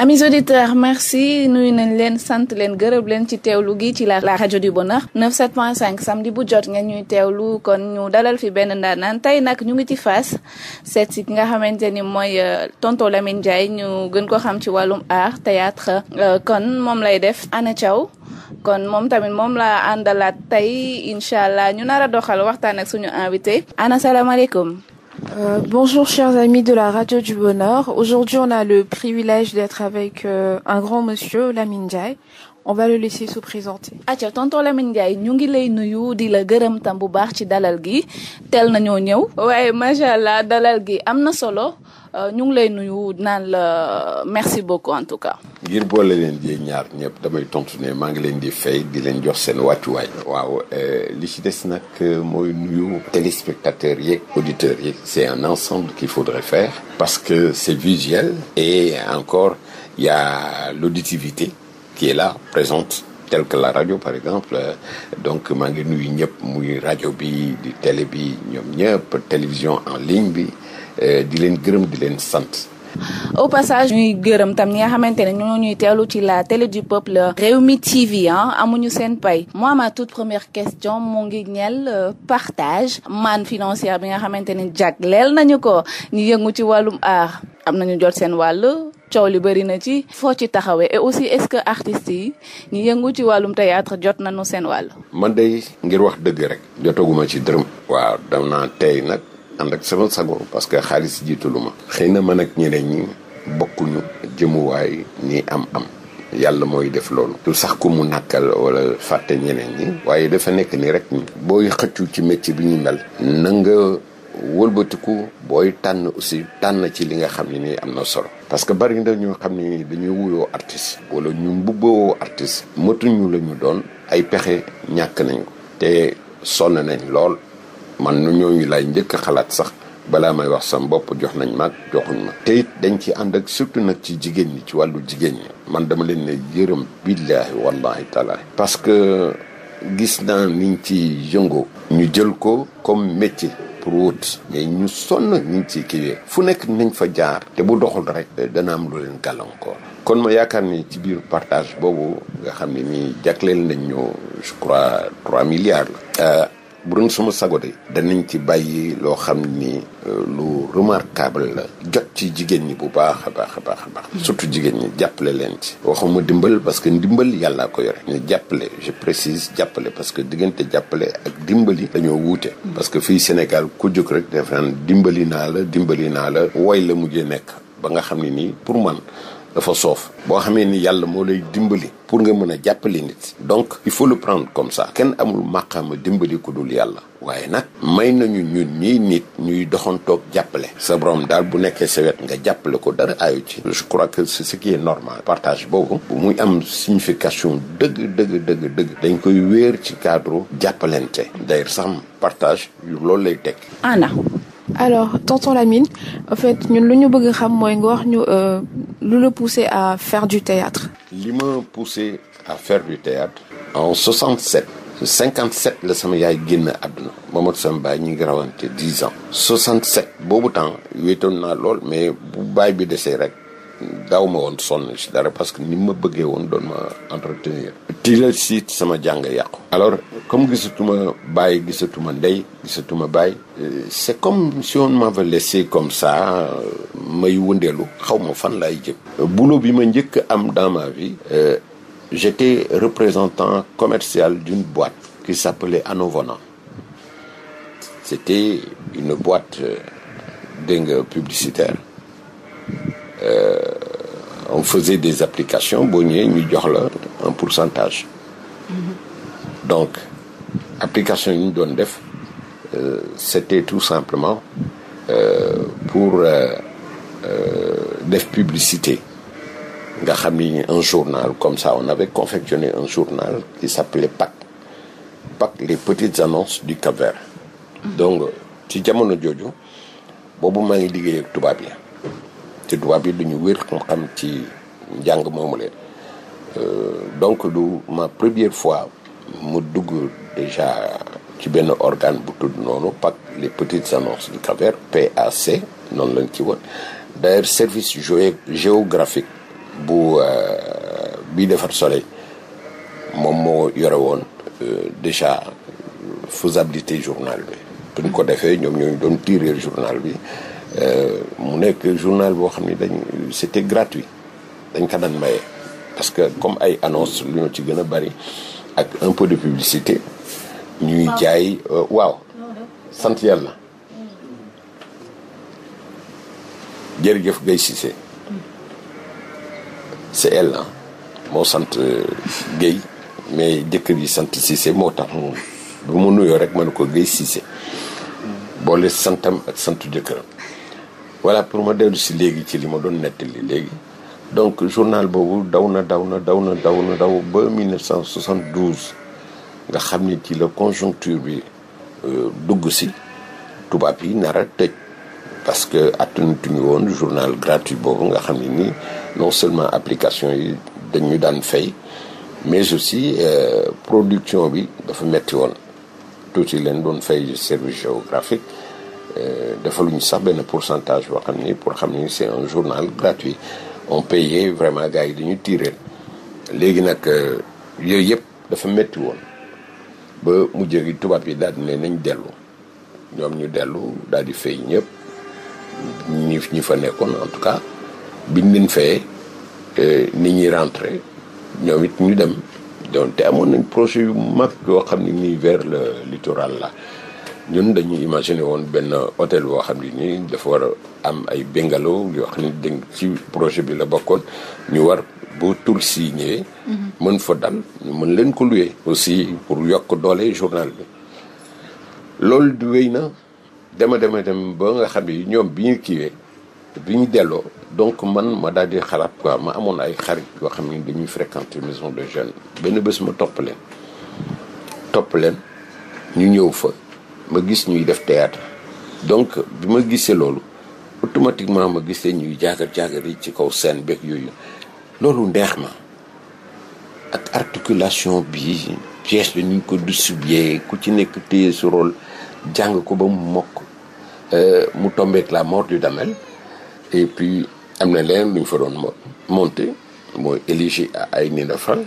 amis auditeurs merci nuyu nañ leen sant leen gërëb leen ci teewlu gi ci la rajo di du bonheur 97.5 samedi bu jot ngeen ñuy lu kon ñu dalal fi benn ndaanaan tey nag ñu ngi ci Fass seet si nga xamante ni mooy euh, tonton Lamine Ndiaye ñu gën ko xam ci wàllum art théâtre euh, kon moom lay def Anna Thiaw kon moom tamit moom laa àndalaat tey incha allah ñu nara doxal waxtaan ak suñu invité. Anna salaamaaleykum. Euh, bonjour chers amis de la radio du bonheur. Aujourd'hui on a le privilège d'être avec euh, un grand monsieur, Lamine Jai. on va le laisser se présenter. acca tonton Lamine Ndiaye ñu ngi lay nuyu di la gërëm tam bu baax ci dalal gi teel nañoo ñëw. waaye macha allah dalal gi am na solo euh, ñu ngi lay nuyu naan la merci beaucoup en tout cas. ngir boole leen di ñaar ñëpp damay tontu ne maa ngi leen di fay di leen jox seen wàccuwaay. waaw euh, li ci des nag euh, mooy nuyu. téléspectateurs yeeg auditeurs yeeg. c'est un ensemble qu'il faudrait faire. parce que c'est visuel. et encore ya y a l'auditivité qui est là, présente, telle que la rajo par exemple. Euh, donc maa ngi nuyu ñëpp muy rajo bi di télé bi ñoom ñëpp télévision en ligne bi euh, di leen gërëm di leen sant. au passage ñuy gërëm tam ñi nga xamante ne ñoo ñuy teelu ci la télé du peuple Rewmi TV ah amuñu seen pay moi ma toute première question mu ngi ñeel euh, partage man financière bi nga xamante ne jagleel nañu ko ñu yëngu ci wàllum aar am nañu jot seen wàll coow li bëri na ci foo ci taxawee aussi est-ce que artistes yi ñu yëngu ci wàllum théâtre jot na nañu seen wàll ma day ngir wax dëgg rek jotaguma ci dërëm waaw dam naa tey nag ànd ak sama sago parce que xaalis jiitalu ma xëy na man ak ñeneen ñi bokkuñu jëmuwaay ni am am yàlla mooy def lool du sax ku mu nàkkal wala fàtte ñeneen ñi waaye dafa nekk ni rek booy xëccu ci métier bi ñu mel na nga wëlbatiku booy tànn aussi tànn ci li nga xam ni am na solo parce que bari na ñoo xam ni dañuy wuyoo artiste wala ñu mbubboo artiste matuñu lañu doon ay pexe ñàkk nañ ko te sonn nañ lool man nu ñooñu laay njëkk xalaat sax balaa may wax sam bopp jox nañ maag joxuñ ma te it dañ ci ànd ak surtout nag ci jigéen ñi ci wàllu jigéen ñi man dama leen ne yërëm billaahi wallaahi taala parce que gis naa niñ ci yëngoo ñu jël ko comme métier pour wut mais ñu sonn ñu ngi ciy fu nekk nañ fa jaar te bu doxul rek dana am lu leen gàllankoor kon ma yaakaar ni ci biir partage boobu nga xam ne nii jagleel nañ ñu je crois trois milliards la euh, bu doon suma sago de danañ ci bàyyi loo xam ni euh, lu remarquable la jot ci jigéen ñi bu baax a baax a baax baax surtout jigéen ñi jàppale leen ci waxuma dimbal parce que ndimbal yàllaa koy yore ñu jàppale je précise jàppale parce que diggante jàppale ak dimbali dañoo wuute parce que fii Sénégal ku jóg rek def dimbali naa la dimbali naa la woy la mujjee nekk ba nga xam ne nii pour man dafa soof boo xamee ni yàlla moo lay dimbali pour nga mën a jàppale nit donc il faut le prendre comme ça kenn amul màqaama dimbali ku dul yàlla waaye nag may nañu ñun ñii nit ñuy doxantoog jàppale sa borom daal bu nekkee sa wet nga jàppale ko dara aayu ci je crois que c'est ce qui est normal partage boobu muy am signification dëgg dëgg dëgg dëgg dañ koy wéer ci cadre jàppalante d'ailleurs sax partage loolu lay tekk ana alors tonton Lamine en fait ñun lu ñu bëgg xam mooy lu la poussé à faire du théâtre li ma poussé à faire du théâtre en 67 57 la sama yaay génn àdduna Mamadou sama baay ñi ngi rawante 10 ans 67 boobu temps wéetoon naa lool mais bu bi desee rek daaw ma woon son dara parce que ni ma bëggee woon doon ma entretenir. tiilal si sama jàng yàqu. alors comme gisatuma bàyyi gisatuma ndey gisatuma ma euh, c' est comme si on m'avait laissé comme ça euh, may wëndeelu xaw ma fan laay jëm. boulot bi ma njëkk am dans ma vie. Euh, j' représentant commercial d'une boîte. qui s' appelait Anovona. c' était une boîte dégg nga publicitaire. Euh, on faisait des applications boo ñëwee ñu jox la un pourcentage. Mm-hmm. donc application yi ñu doon def euh, c'était tout simplement euh, pour def publicité. nga xam ni un journal comme ça on avait confectionné un journal qui s'appelait PAC PAC les petites annonces du Cap-Vert mm-hmm. donc ci jamono jooju boobu maa ngi liggéey ak tubaab yi ci droit bi lu ñu wér xam ci njàng moomu leen euh, donc du ma première fois mu dugg déjà ci benn organe bu tudd noonu PAC les petites annonces du Cap-Vert PAC noonu lañ ci woon d'ailleurs service géographique bu euh, bi defar soleil moom moo yore woon euh, déjà faisabilité journal bi buñ ko defee ñoom ñooñu doon tirer journal bi Euh, mu nekk journal boo xam ne dañ c'était gratuit dañ ko daan maye parce que comme ay annonce lu ñu ci gën a bari ak un peu de publicité ñuy jaay euh, waaw sant yàlla jërëjëf Gaye Cissé c'est elle moo sant euh, Gaye mais jëkkër yi sant Cissé moo tax mu nuyoo rek ma ne ko Gaye Cissé boole santam ak santu jëkkëram voilà pour ma dellu léegi ci li ma doon nettali léegi donc journal boobu daw na daw na daw na daw na daw ba 1972 nga xam ni ci la conjoncture bi euh, dugg si tubaab yi nar a tëj parce que attanatuñu woon journal gratuit boobu nga xam ne nii non seulement application yi dañu daan fay mais aussi euh, production bi dafa metti woon tuuti leen doon fay service géographique Euh, defaluñu sax benn pourcentage boo xam ni pour xam ni c'est un journal gratuit on payait vraiment gars yi dañu tiire léegi nag euh, yooyu yëpp dafa métti woon ba mu gi tubaab yi daal di ne nañ dellu ñoom ñu dellu daal di fay ñëpp ñi ñi fa nekkoon en tout cas biñ leen fayee euh, nit ñi rentré ñoom it ñu dem donc te amoon nañ projet yu mag yoo xam ne nii vers le littoral la ñun dañuy imaginer woon benn hôtel woo xam ne nii dafa war am ay bungalow yoo xam ne dañ ci projet bi la bokkoon ñu war bu touristes yi mhm. ñëwee. mën fa dal ñu mën leen ko luye aussi pour yokk doole journal bi loolu du wéy na dema dema dem ba nga xam ne ñoom bi ñu kiiwee bi ñu delloo donc man ma daal di xalaat quoi ma amoon ay xarit yoo xam ne dañuy fréquenter maison de jeunes benn bés ma topp leen topp leen ñu ñëw fa. ma gis ñuy def théâtre donc bi ma gisee loolu automatiquement ma gisee ñuy jaagar-jaagar yi ci kaw seen beeg yooyu loolu neex ma ak articulation bi pièce bi ñu ngi ko distribué ku ci nekk téye su rôle jàng ko ba mu mokk euh, mu tombeek la mort du damel et puis am na leneen lu fa doon monté mooy élégie à Aïné Fall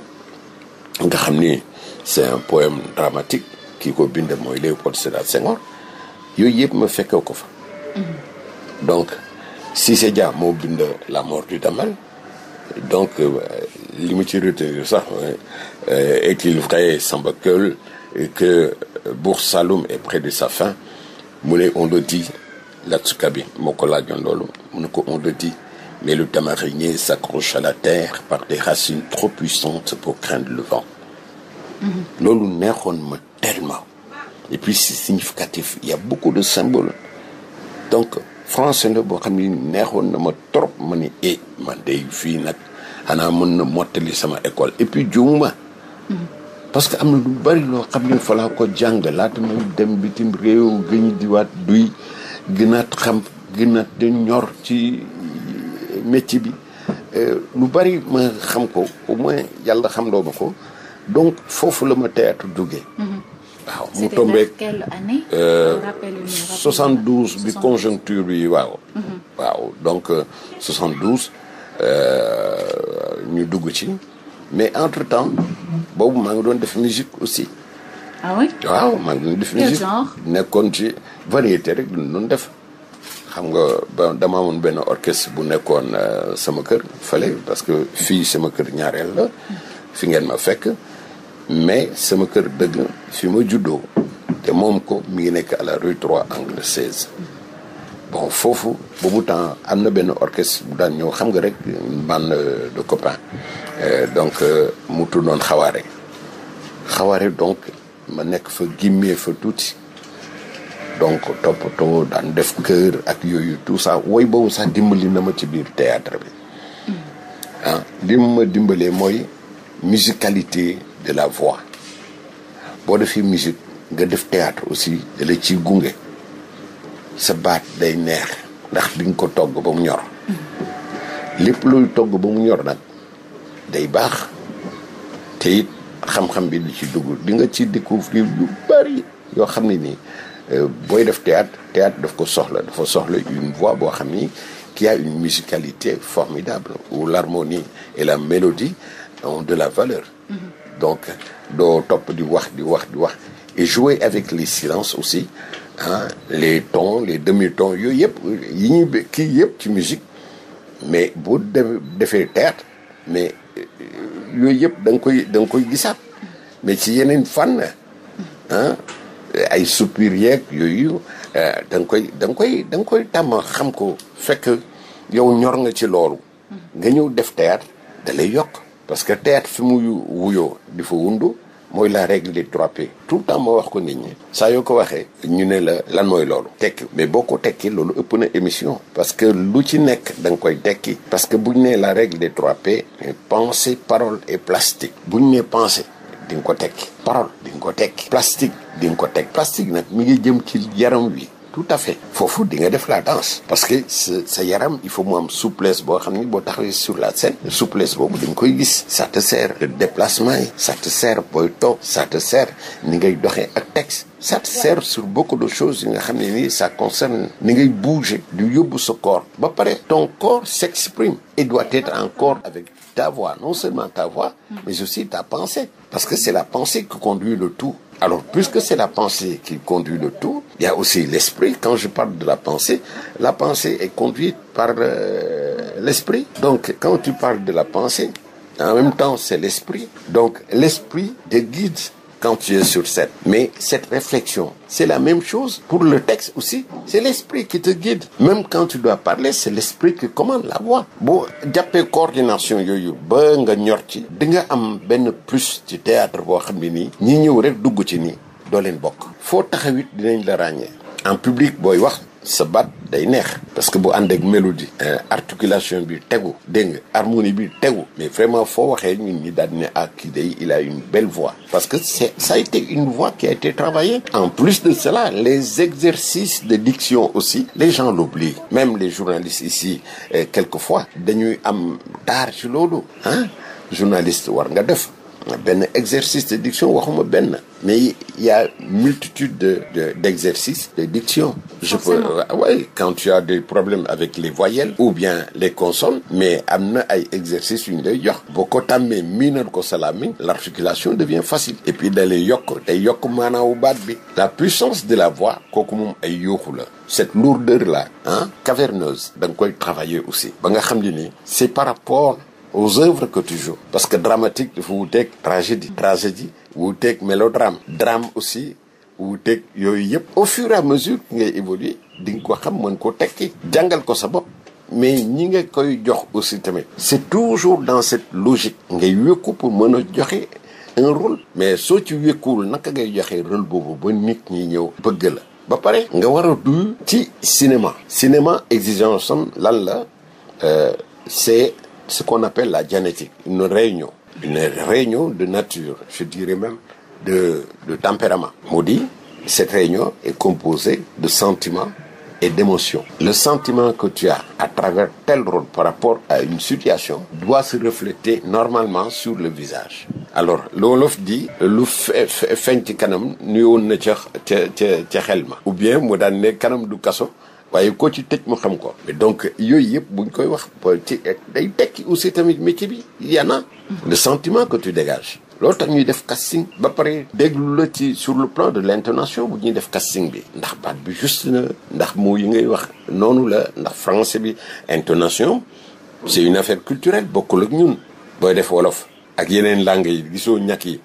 nga xam ni c'est un poème dramatique kii ko mooy Léopold Sédar Senghor yooyu yëpp ma fekke ko fa mhm. donc Cissé Dia moo bind la mort du Damel donc euh, li mu ci retenir sax euh, est-il vrai Samba Keul que euh, Bour est près de sa fin mu ne on le dit Latsuka bi moo ko laajoon loolu mu ne ko on le di mais le tamarinier s'accroche à la terre par des racines trop puissantes pour craindre le vent mhm. loolu neexoon ma tellement. Et puis c'est significatif. y a beaucoup de symboles. Donc français la boo xam ni neexoon na ma trop ma ni e man day fii nag xanaa mën na mottali sama école et puis juuma parce que am na lu bari loo xam ne fa laa ko jàng laata may dem bitim réew gëñ diwaat duy gënaat xam gënaat ñor ci métier bi euh, lu bari ma xam ko au moins yàlla xam loo ko donc foofu la ma théâtre jógee waaw mu tombeeg quelle année. 72 euh, bi conjoncture bi waaw. Mm-hmm. waaw donc 72 euh, euh, ñu dugg ci mais entre temps boobu maa ngi doon def musique aussi. ah waaw maa ngi doon def musique nekkoon ci variété rek duñ doon def. xam nga ba dama amoon benn orchestre bu nekkoon sama kër fale parce que fii sama kër ñaareel la mm-hmm. fi ngeen ma fekk. mais sama kër dëgg fi ma juddoo te moom ko mi ngi nekk à la rue 3 angle bon foofu boobu temps am na benn orchestre bu daan ñëw xam nga rek bande de copains euh, donc euh, mu doon xawaare xawaare donc ma nekk fa gimmee fa tuuti donc toppatoo daan def kër ak yooyu tout ça woy boobu sax dimbali na ma ci biir théâtre bi mm. ah ma dimbalee mooy musicalité de la voix boo defee musique nga def théâtre aussi da la ciy gunge sa baat day neex ndax di nga ko togg ba mu ñor lépp luy togg ba mu ñor nag day baax te it xam-xam bi di ci dugg di nga ci découvrir yu bari yoo xam ne nii euh, booy def théâtre théâtre daf ko soxla dafa soxla une voix boo xam ni qui a une musicalité formidable où l'harmonie et la mélodie ont de la valeur donc doo topp di wax di wax di wax e jouer avec les silences aussi ah les tons les demi-tons yooyu yëpp yi ñuy kii yëpp ci musique mais bu defee théâtre mais euh, yooyu yëpp da nga koy da nga koy gisaat mais ci yeneen fànn ah ay soupir yeg yooyu euh, da nga koy da nga koy da nga koy tàmm xam ko fekk yow ñor nga ci loolu nga ñëw def théâtre da yokk parce que théâtre fi mu wuyoo di fa wundu mooy la règle des trois P tout le temps moo wax ko nit ñi saa yoo ko waxee ñu ne la lan mooy loolu tekki mais boo ko tekki loolu ëpp na émission parce que lu ci nekk da nga koy tekki parce que bu ñu nee la règle de trois P pensée parole et plastique bu ñu nee pensée di ko tekki parole di nga ko tekki plastique di nga ko tekki plastique nag mi ngi jëm ci yaram wi tout à fait foofu di nga def la danse parce que sa yaram il faut mu am souplesse boo xam ni boo taxawee sur la scène souplesse boobu dañ koy gis ça te sert le déplacement yi ça te sert booy toog ça ni ngay doxee ak texte ça te sert sur beaucoup yi nga xam ne nii ça concerne ni ngay bouger du yóbbu sa corps ba pare ton corps s'exprime et doit en accord avec ta voix non seulement mm. pensée que conduit le tout Alors, puisque c'est la pensée qui conduit le tout, il y a aussi l'esprit. Quand je parle de la pensée, la pensée est conduite par euh, l'esprit. Donc, quand tu parles de la pensée, en même temps, c'est l'esprit. Donc, l'esprit te guide quand tu es sur Mais cette réflexion, c'est la même chose pour le texte aussi. C'est l'esprit qui te guide. Même quand tu dois parler, c'est l'esprit qui commande la voix. boo jàppee coordination yooyu ba nga ñor ci. di nga am benn plus ci théâtre boo xam ne nii. ñi ñëw rek dugg ci nii doo bokk. foo taxawit dinañ la ràññee. en public booy wax sa baat. day neex parce que bu ànd ak mélodie euh, articulation bi tegu dégg nga harmonie bi tegu mais vraiment foo waxee ñun ñi daal ne ah kii day il a une belle voix parce que c'est a été une voix qui a été travaillée en plus de cela les exercices de diction aussi les gens l'oublient même les journalistes ici euh, quelquefois dañuy am taar ci loolu ah journaliste war nga def benn exercice de diction waxuma benn mais ya y a multitude de, de d'exercices de diction je Forcément. peux ouais quand tu as des problèmes avec les voyelles ou bien les consonnes mais am na ay exercices yu ñu lay jox boo ko tàmmee miinal ko sa làmmiñ l'articulation devient facile et puis da lay yokk day yokk maanaawu baat bi la puissance de la voix kooku moom ay yuuxu la cette lourdeur là ah caverneuse da nga koy travailler aussi ba nga xam ne ni c'est par rapport aux œuvres que tu joues parce que dramatique dafa wuuteeg tragédie tragédie wuuteeg mélodrame drame aussi wuuteeg yooyu yëpp au fur et à mesure ngay évoluer di nga ko xam mën koo tekki jàngal ko sa bopp mais ñi nga koy jox aussi tamit c'est toujours dans cette logique ngay wékku pour mën a joxe un rôle mais soo ci wékkuwul naka ngay joxe rôle boobu ba nit ñi ñëw bëgg la ba pare nga war a du ci cinéma cinéma exigence am lan la euh, c'est ce qu'on appelle la dianétique, une réunion, une de nature, je dirais même de, de tempérament. Maudit, cette réunion est composée de sentiment et d'émotions. Le sentiment que tu as à travers tel rôle par rapport à une situation doit se refléter normalement sur le visage. Alors, l'olof dit, lu feñ ci kanam nuyoon na ca ca ca xel ma. ou bien mu daan ne kanam du kaso. waaye ko ci tëj mu xam ko mais donc yooyu yëpp buñ koy wax ci day tekki aussi tamit métier bi y de a mm-hmm. le sentiment que tu dégages loolu tax ñuy def casting ba pare déglu la ci sur le plan de l'intonation bu ñuy def casting bi ndax baat bi juste na ndax moo yi ngay wax noonu la ndax français bi intonation c'est une affaire culturelle bokkul ñun booy def wolof ak yeneen langue yi gisoo ñàkk yi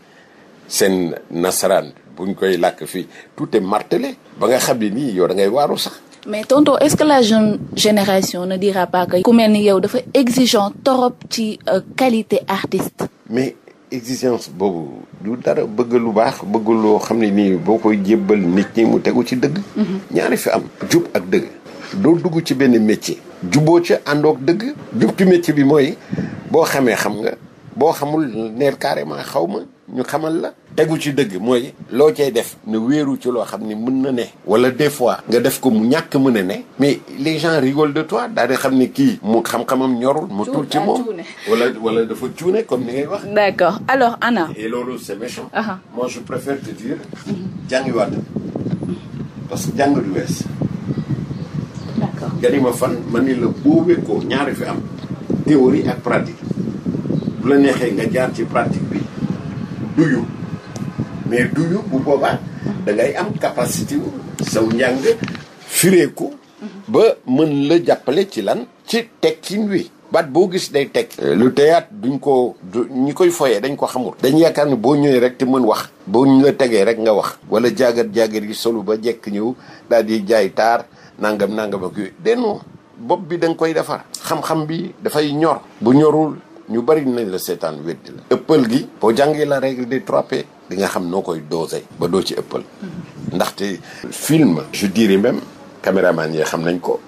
seen nasaraan buñ koy lakk fi tout est martelé ba nga xam ne nii yow da ngay waaru sax mais tonton est-ce que la jeune génération ne dira pas ku mel ni yow dafa exigeant torop ci euh, qualité artiste. mais exigence boobu du dara bëgg lu baax bëgg loo xam ne nii boo koy jébbal nit ñi mu tegu ci dëgg. Mm-hmm. ñaari fi am jub ak dëgg. doo dugg ci benn métier. juboo ci àndoog dëgg. jub ci métier bi mooy boo xamee xam nga boo xamul neer carrément xaw ma. ñu xamal la tegu ci dëgg mooy loo cee def ne wéeru ci loo xam ne mën na ne wala des fois nga def ko mu ñàkk mën a ne mais les gens rigolent de toi daal di xam ne kii mu xam-xamam ñorul mu tuur ci moom wala wala dafa cuune comme ni ngay wax d'accord alors Anna et loolu c'est méchant ah ah. parce que jàng du wees d'accord nga ni ma fan ma ni la boobee ko ñaari fi am théorie ak pratique bu la neexee nga jaar ci pratique bi duyu mais duyu bu boobaa da ngay am capacité wu saw njàng fireeku ba mën la jàppale ci lan ci tekkin wi baat boo gis day teg lu teyaat duñ ko ñi koy foyee dañ ko xamul dañ yaakaar ne boo ñëwee rek te mën wax boo ñu la tegee rek nga wax wala jaagar-jaagar yi solu ba jekk ñëw daal di jaay taar nangam nangam ak yooyu dennoo bopp bi da koy defar xam-xam bi dafay ñor bu ñorul ñu bari nañ la seetaan weddi la ëppal gi boo jàngee la règle des trois P xam noo koy doose ba doo ci ëppal mm-hmm. ndaxte film je dirais même caméraman yi xam nañ ko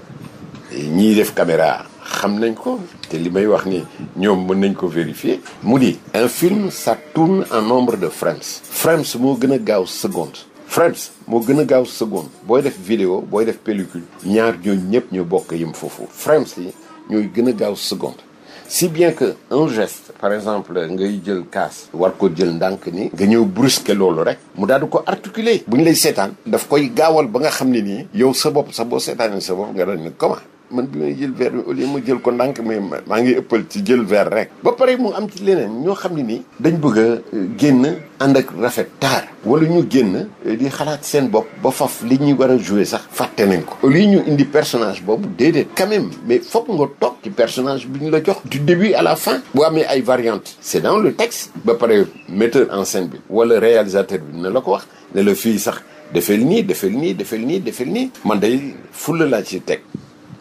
ñiy def caméra xam nañ ko te li may wax ni ñoom mën nañ ko vérifier mu di un film ça tourne en nombre de frames frames moo gën a gaaw seconde frames moo gën a gaaw seconde booy def vidéo booy def pellicule ñaar ñooñu ñëpp ñu bokk yëm foofu france yi ñooy gën a gaaw seconde si bien que un geste par exemple ngay jël kaas war ko jël ndànk ni nga ñëw brusque loolu rek mu daal di ko articuler bu ñu lay seetaan daf koy gaawal ba nga xam ne nii yow sa bopp sa boo seetaanee sa bopp nga dañ ne comment man bi may jël verre bi au lieu ma jël ko ndànk mais maa ngi ëppal ci jël verre rek. ba pare mu am ci leneen ñoo xam ne nii. dañ bëgg a euh, génn ànd ak rafet taar. wala ñu génn euh, di xalaat seen bopp ba faf li ñuy war a jouer sax fàtte nañ ko. au lieu ñu indi personnage boobu déedéet. quand même mais foog nga toog ci personnage bi ñu la jox. du début à la fin. bu amee ay variantes. c'est dans le texte. ba pare metteur en scène bi. wala réalisateur bi dina la ko wax ne la fii sax defeel nii defeel nii defeel nii defeel nii. man day fulla laa ci teg.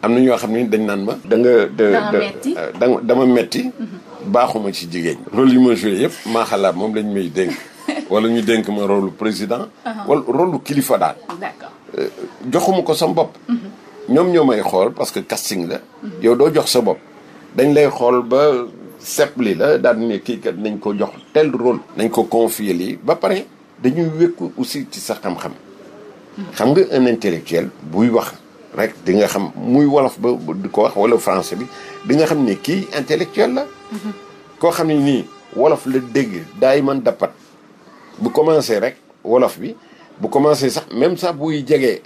am na ñoo xam ne dañ naan ma. da da dama metti euh, mhm. baaxuma ci jigéen rôle yi ma joué yëpp maa moom lañ may dénk wala ñu dénk ma rôle président. Uh-huh. wala rôle kilifa daal. d'accord euh, joxuma ko sam bopp. Mhm. ñoom ñoo may xool parce que casting la. Mhm. yow doo jox sa bopp dañ lay xool ba. seppli la daal ne kii ka nañ ko jox tel rôle. nañ ko confier lii ba pare dañuy wékku aussi ci sa xam-xam. xam nga un intellectuel buy wax rek di nga xam muy wolof ba di ko wax wala français bi di nga xam ni kii intellectuel la koo xam ne nii wolof la dégg daay man dappat bu commencé rek wolof bi bu commencé sax même sax buy jegee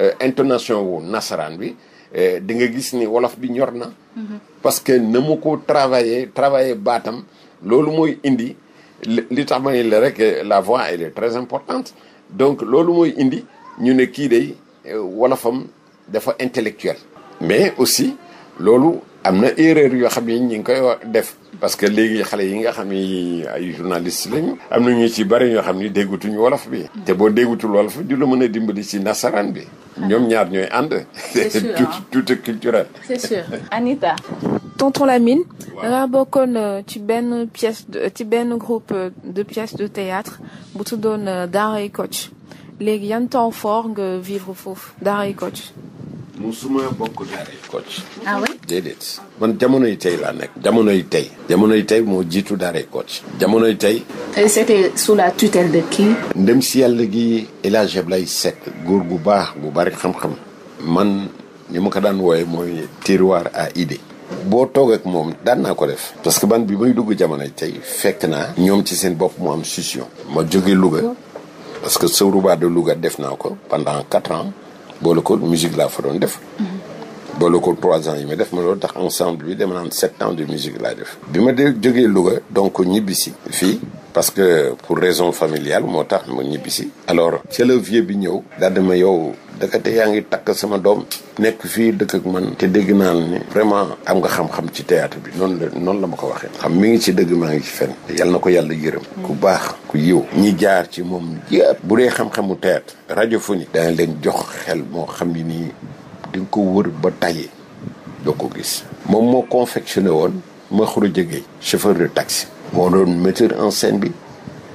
euh, intonation wu nasaraan bi euh, di nga gis ni wolof bi ñor na parce que na mu ko travailler travailler baatam loolu mooy indi li tax ma la rek la voix elle est très importante donc loolu mooy indi ñu ne kii day euh, wolofam dafa intellectuel mais aussi loolu am na erreur yoo xam ne ñu ngi koy def parce que léegi xale yi nga xam ni ay journaliste lañu. am na ñu ci bari ñoo xam ni déggutuñu wolof bi. te boo déggutul wolof du la mën a dimbali ci nasaraan bi. ñoom ñaar ñooy ànd. c'est sûr tout culturel. c'est sûr Anita. tonton Lamine. da nga bokkoon euh, ci benn pièce ci benn groupe euh, de pièces de théâtre bu doon tuddoon euh, Daaray Kocc léegi yan temps fort nga vivre foofu Daaray Kocc. musuma bokk daaray Kocc. Ah man jamono yi tey laa nekk. jamono yi tey. jamono yi tey moo jiitu daaray Kocc. jamono yi tey. c'était sous la tutelle ndem si yàlla gi El Hadj Abdoulaye Seck góor gu baax gu bari xam-xam. man ni ma ko daan wooye mooy tiroir à idée. boo toog ak moom daan naa ko def. parce que ban bi muy dugg jamono yi tey fekk naa. ñoom ci seen bopp mu am succion. ma jóge Louga parce que Sëwruba de Louga def naa ko pendant quatre ans. boole ko musique laa fa doon def. boole ko trois ans yi ma def ma loolu tax ensemble bi dama naan sept ans de musique la def. bi ma de jógee Louga donc ñibbisi fii. parce que pour raison familiale moo tax ma ñibbisi. alors ca la vie bi ñëw. daal dama yow. te yaa ngi takk sama doom nekk fii dëkk ak man te dégg naa la ni vraiment am nga xam-xam ci théâtre bi noonu la noonu la ma ko waxee xam mi ngi ci dëgg maa ngi ci fenn yal na ko yàlla yërëm ku baax ku yiw ñi jaar ci moom yëpp bu dee xam-xamu théâtre radiophonie dana leen jox xel moo xam ni nii di nga ko wër ba tayi doo ko gis moom moo confectionné woon ma xuru jege chauffeur de taxi moo doon metteur en scène bi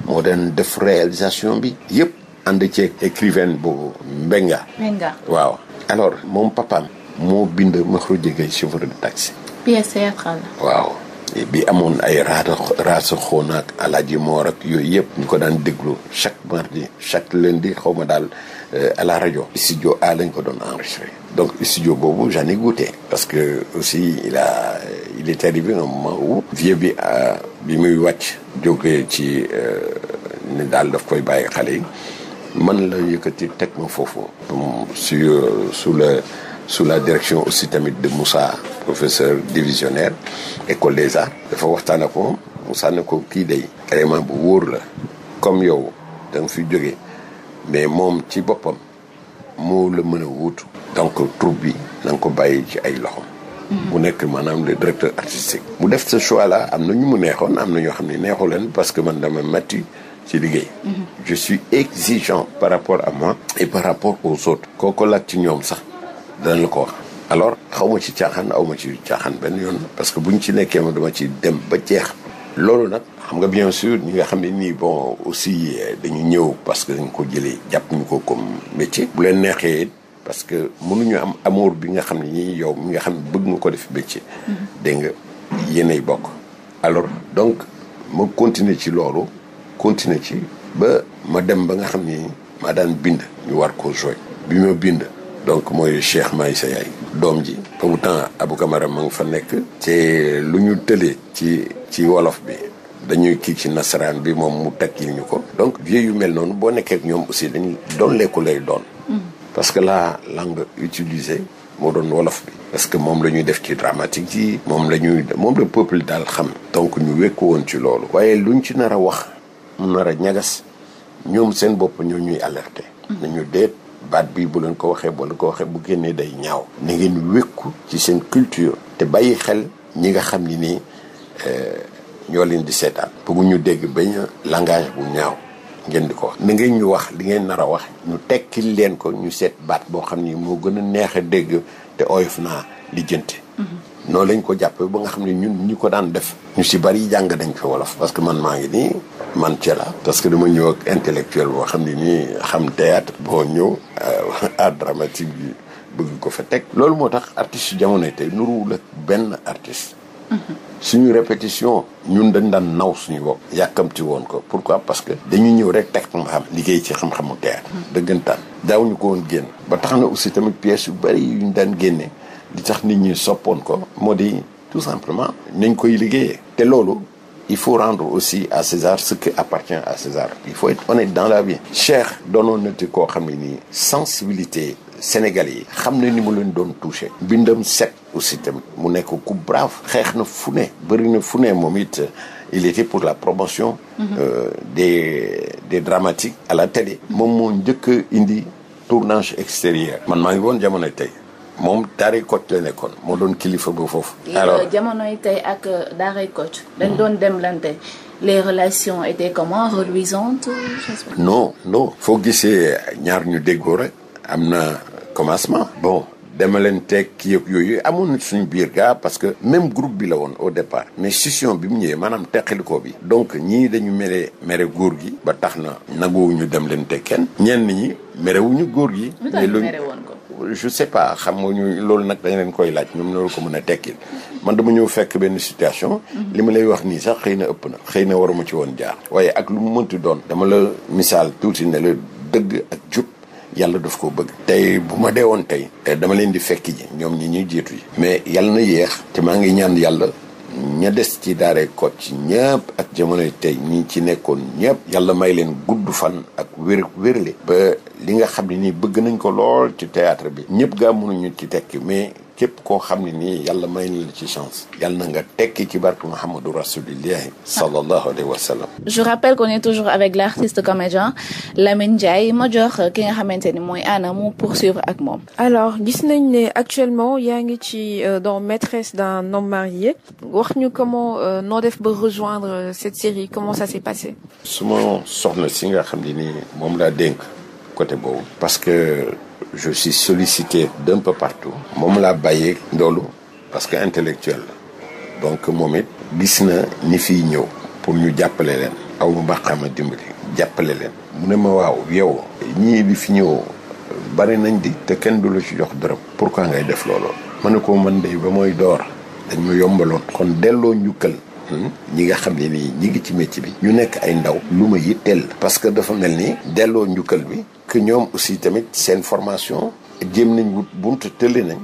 moo doon def réalisation bi yëpp ànd ceeg écrivaine bu Mbenga waaw alors moom papaam moo bind Makhoury Dièye chauffeur de taxi pièce théâtrale waaw bi amoon ay raata raasa xoona ak alaaji moo ak yooyu yëpp ñu ko daan déglu chaque mardi chaque lundi xaw ma daal a euh, la rajo studio A lañ ko doon enregistré donc studio boobu j'en ai goûté parce que aussi il a il est arrivé un moment bi vieux bi euh, bi muy wàcc joge ci euh, ne daal daf koy bàyyi xale yi man la yëkkati teg ma foofu. su sous la sous la direction aussi tamit de Moussa professeur divisionnaire école des arts. dafa waxtaan ak moom Moussa ko kii day vraiment bu wóor la comme yow danga fi jóge mais moom ci boppam mu la mën a wuutu. donc troupe bi na ko bàyyi ci ay loxo. Mhm. mu nekk maanaam le directeur artistique. mu def ce choix am na ñu mu neexoon am na ñoo xam ne neexu leen parce que man dama metti ci liggéey. je suis exigeant par rapport a moi. et par rapport aux autres. kooko laat ci ñoom sax dana la ko wax. alors xaw ma ci caaxaan aw ma ci caaxaan benn yoon parce que bu ñu ci nekkee ma dama ci dem ba jeex. loolu nag xam nga bien sûr ñi nga xam ne nii bon aussi eh, dañu ñëw parce que dañ ko jëlee jàpp ñu ko comme métier. bu leen neexee parce que mënuñu am amour bi nga xam ne nii yow mi nga xam ne bëgg nga ko def métier. Mm-hmm. dégg nga yéenay bokk. alors donc ma continuer ci loolu. continuer ci ba ma dem ba nga xam ni maa daan bind ñu war ko jooy bi ma bind donc mooy Cheikh Maïssa Yaye doom ji pourtant Abou Camara ma nga fa nekk te lu ñu tëlee ci ci wolof bi dañuy kii ci nasaraan bi moom mu tekkil ñu ko donc vieux yu mel noonu boo nekkee ñoom aussi dañuy doon lekku lay doon parce que la langue utilisée moo doon wolof bi parce que moom la ñuy def ci dramatique yi moom la ñuy moom le peuple daal xam donc ñu wékku woon ci loolu waaye lu ñu ci nar a wax nar a ñagas ñoom seen bopp ñoo ñuy alerter. Mm-hmm. nañu deet baat bii bu leen ko waxee bu leen ko waxee bu génnee day ñaaw. na ngeen wékku ci seen culture. te bàyyi xel ñi nga xam ni nii eh, ñoo leen di seetaan. bëggu ñu dégg bañ langage bu ñaaw ngeen di ko wax. na ngeen ñu wax li ngeen nar a wax ñu tekkil leen ko ñu seet baat boo xam ni moo gën a neex dégg te oyof naa lijjanti. Mm-hmm. noonu lañ ko jàppee ba nga xam ne ñun ñu ko daan def. ñu si bari jàng dañ fi wolof. parce que man maa ngi nii. man ci la parce que dama ñëw ak intellectuel boo xam ne nii xam théâtre boo ñëw euh, art dramatique bi bëgg ko fa teg loolu moo tax artiste jamono te nuruwul ak benn artiste mm-hmm. suñu répétition ñun dañ daan naw suñu bopp yàkkamti woon ko pourquoi parce que dañu ñëw rek teg ma xam liggéey ci xam-xamu théâtre mm-hmm. dëggantaan daawuñu ko woon génn ba tax na aussi tamit pièces yu bëri yu ñu daan génne di tax nit ñi soppoon ko moo di tout simplement nañ koy liggéeyee te loolu il faut rendre aussi à César ce qui appartient à César il faut être honnête dans la vie Cheikh doonoon na te koo xam ne nii sensibilité Sénégalais yi xam na ni mu leen doon touché bindam set aussi tamit mu nekk ku brave xeex na fu ne bëri na fu ne moom it euh, il était pour la promotion mhm. euh, des des dramatiques à la télé moom moo njëkk indi tournage extérieur man maa ngi woon jamono tey moom daaray Kocc la nekkoon moo doon kilifa ba foofu. Euh, alors jamonoy tey ak euh, daaray Kocc. dañ doon demlante les relations étaient comment reluisantes. non non foo gisee ñaar ñu déggoo rek am na commencement bon. dama leen teg kii yëpp yooyu amoon na suñu biir gaa parce que même groupe bi la woon au départ mais scission bi mu ñëwee maanaam teqalikoo bi donc ñii dañu mere mere góor gi ba tax na nanguwuñu dem leen teg kenn ñenn ñi merewuñu góor gi mais lu je sais pas xam nga ñu loolu nag dañ leen koy laaj ñoom loolu ko mën a tekkil man dama ñëw fekk benn situation mhm. li ma lay wax nii sax xëy na ëpp na xëy na waruma ci woon jaar waaye ak lu mu mënti doon dama la misaal tuuti ne la dëgg ak jub yàlla daf ko bëgg tey bu ma dee woon tey dama leen di fekk ji ñoom ñi ñuy jiitu yi mais yàlla na yéex te maa ngi ñaan yàlla ña des ci daaree ci ñëpp ak jamono jamonoy tey ñi ci nekkoon ñëpp yàlla may leen gudd fan ak wér wérle ba li nga xam ne nii bëgg nañ ko lool ci théâtre bi ñëpp gaa mënuñu ci tekki mais képp koo xam ne nii yàlla may na la ci chance yàlla na nga tekki ci barke Mouhamadou Rasulillahi sallallahu alayhi wa sallam je rappelle qu'on est toujours avec l'artiste comédien Lamine Ndiaye ma jox ki nga xamante ni mooy Anna mu poursuivre ak moom alors gis nañ ne actuellement yaa ngi ci euh, dans maîtresse d'un homme marié wax ñu comment euh, noo def ba rejoindre euh, cette série comment ça s'est passé su ma soxna si nga xam ne nii moom laa dénk côté boobu parce que je suis sollicité d'un peu moom laa bàyyee loolu parce que intellectuel la donc moom it gis na ñi fiy ñëw pour ñu jàppale leen aw mbaqama dimbali jàppale leen mu ne ma waaw yow ñii bi fi ñëw bari nañ di te kenn du la ci jox dërëm qua ngay def loolu mën ne ko mën day ba mooy door dañ ma yombaloon kon delloo njukkal hmm, ñi nga xam ni nii ñi ngi ci métier bi ñu nekk ay ndaw lu ma yitteel parce que dafa mel nii delloo njukkal bi que ñoom aussi tamit seen formation jéem nañ wut bunt tëlli nañ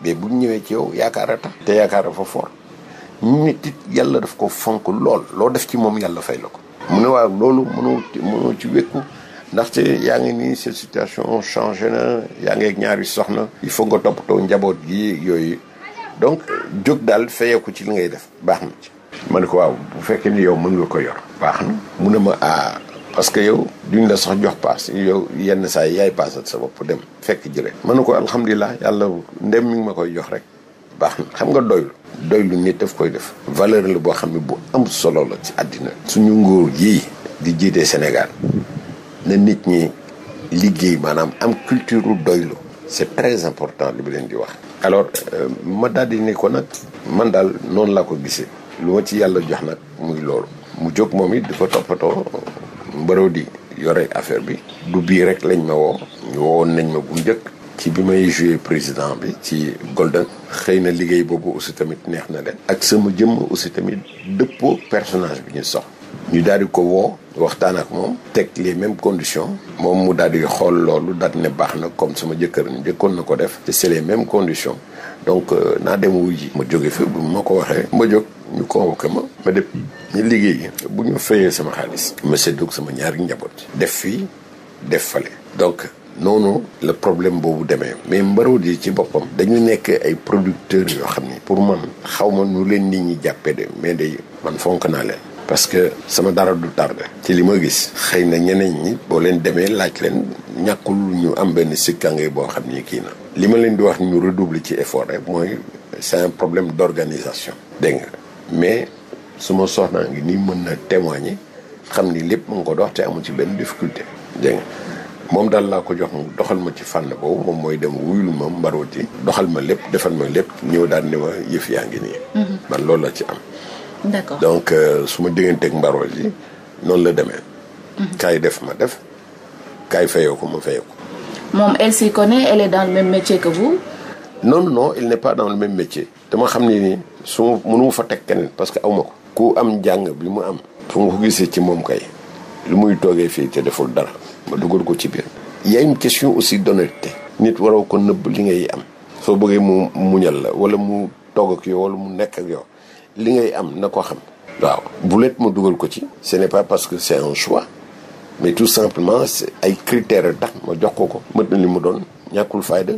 mais bu ñëwee ci yow yaakaar a tax te yaakaar dafa fort nit it yàlla daf ko fonk lool loo def ci moom yàlla fay la ko mun ne waaw loolu mënoo mënoo ci wékku ndaxte yaa ngi nii sa situation changé na yaa ngi ñaari soxna il faut nga toppatoo njaboot gi yooyu donc jóg daal fayeeku ci li ngay def baax na ci ma ne ko waaw bu fekkee ni yow mën nga ko yor baax na mu ne ma ah parce que yow duñ la sax jox paas yow yenn saa yaay paasal sa bopp dem fekk ji rek mën na ko alhamdulilah yàlla ndem mi ngi ma koy jox rek baax na xam nga doylu doylu nit daf koy def valeur la boo xam ne bu am solo la ci àddina suñu nguur yii di jiitee Sénégal na nit ñi liggéey maanaam am culture doylu c'est très important li bi leen di wax alors euh, ma daal di ne ko nag man daal noonu laa ko gisee lu ma ci yàlla jox nag muy loolu mu jóg moom it di ko toppatoo mbërëw di yore affaire bi du bii rek lañ ma woo ñu woowoon nañ ma bu njëkk ci bi may joué président bi ci Golden xëy na liggéey boobu aussi tamit neex na leen ak sama jëm aussi tamit dëppoo personnage bi ñu sox ñu daal di ko woo waxtaan ak moom teg les mêmes conditions moom mu daal di xool loolu daal ne baax na comme sama jëkkër ni njëkkoon na ko def te c'est les mêmes conditions donc euh, naa dem wuy ji ma jóge fi bu ma ko waxee ma jóg ñu convoqué ma ma dem ñu liggéey bu ñu fayee sama xaalis ma séddoog sama ñaari njaboot def fii def fale donc noonu la problème boobu demee mais yi ci boppam dañu nekk ay producteurs yoo xam ni pour man xaw ma nu leen nit ñi jàppee de mais de man fonk naa leen parce que sama dara du tarde ci li ma gis xëy na ñeneen ñi boo leen demee laaj leen ñàkkul ñu am benn sikkange boo xam ni kii na li ma leen di wax ñu redoubler ci effort rek mooy c'est un problème d'organisation dégg nga mais suma soxnaa ngi nii mën na témoigner xam ni lépp mu ngi ko dox te amul ci benn difficulté. dégg moom daal laa ko jox mu doxal ma ci fànn boobu moom mooy dem wuyul ma mbarooti doxal ma lépp defal ma lépp ñëw daal ni ma yëf yaa ngi nii. Mhm. man loolu la ci am. donc euh, su ma digganteeg mbaroo ji noonu la demee. Mhm. kaay def ma def kaay fayoo ko ma fayoo ko. moom elle s'y connaît elle est dans le même métier que vous. non non il n'est pas dans le métier. dama xam ni su ma mënu fa teg keneen parce que aw ku am jàng bi mu am fu nga ko gisee ci moom kay lu muy toogee fii te deful dara ma dugal ko ci biir il y a une question aussi d'honnêteté nit waroo ko nëbb li ngay am soo bëggee mu muñal la wala mu toog ak yow wala mu nekk ak yow li ngay am na ko xam waaw bu ma dugal ko ci ce n'est pas parce que c'est un choix mais tout simplement ay critères tax ma jox ko ko mët li mu doon ñàkkul fayda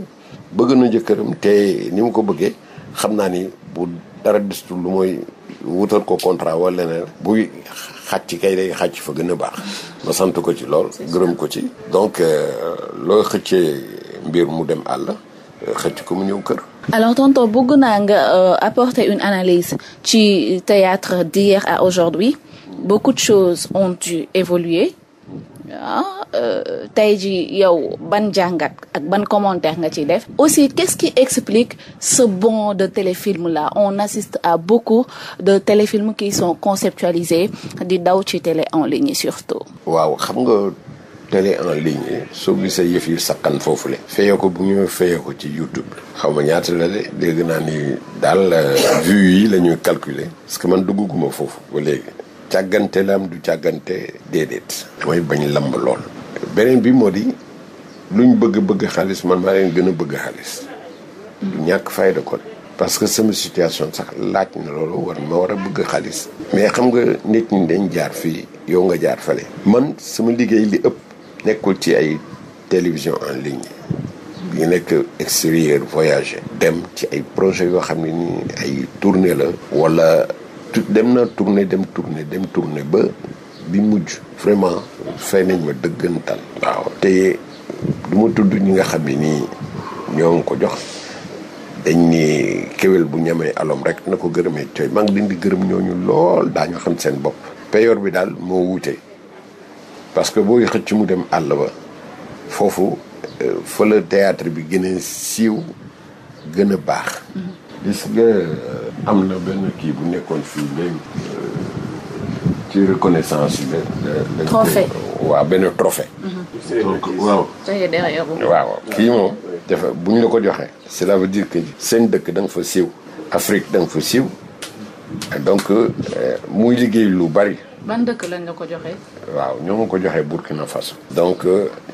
bëgg na jëkkëram te ni mu ko bëggee xam naa ni bu dara destul lu mooy wutal ko contrat wala leneen buy xàcc kay day xàcc fa gën baax ma sant ko ci lool gërëm ko ci donc euh, loo xëccee mbir mu dem àll xëcc ko mu ñëw kër alors tonton bëgg naa nga euh, apporter une analyse ci théâtre d'hier à aujourd'hui beaucoup de choses ont dû évoluer ah tey ji yow ban jàngat ak ban commentaire nga ciy def aussi qu'est-ce qui explique ce bon de téléfilm là on assiste à beaucoup de téléfilms qui sont conceptualisés di daw ci télé en ligne surtout waaw xam nga télé en ligne soo gisee yëf yi sakkan foofu le fayee ko bu ñu fayee ko ci YouTube xaw ma ñaata la de dégg naa ni daal euh, vues yi la ñuy calculer parce que man dugguma foofu léegi càggante la am du càggante déedéet. damay bañ lamb lool. beneen bi moo di luñ bëgg bëgg xaalis man maa leen gën a bëgg xaalis. du ñàkk fayda kon. parce que sama situation sax laaj na loolu war ma war a bëgg xaalis. mais xam nga nit ñi dañ jaar fii yow nga jaar fale man sama liggéey li ëpp nekkul ci ay télévision en ligne. yi nekk extérieur voyager dem ci ay projet yoo xam ne nii ay tournée la. wala dem na tourné dem tourné dem tourné ba bi mujj vraiment fay nañ ma dëggantal waaw te du ma tudd ñi nga xam ne nii ñoo ngi ko jox dañ ni kéwél bu ñamee alom rek na ko gërëmee cooy maa ngi leen di gërëm ñooñu lool ñoo xam seen bopp payoor bi daal moo wuute parce que booy xëcc mu dem àll ba foofu euh, fa la théâtre bi gën a siiw gën a baax mm-hmm. gis nga euh, am na benn kii bu nekkoon fii léegi euh, ci reconnaissance bi. Euh, la trophée waaw benn trophée. waaw. kii moom. bu ñu la ko joxee. cela veut dire que seen dëkk da fa siiw. Afrique da fa siiw. donc muy liggéey lu bari. ban dëkk lañ la ko joxee. waaw ñoo ma ko joxee Burkina Faso. donc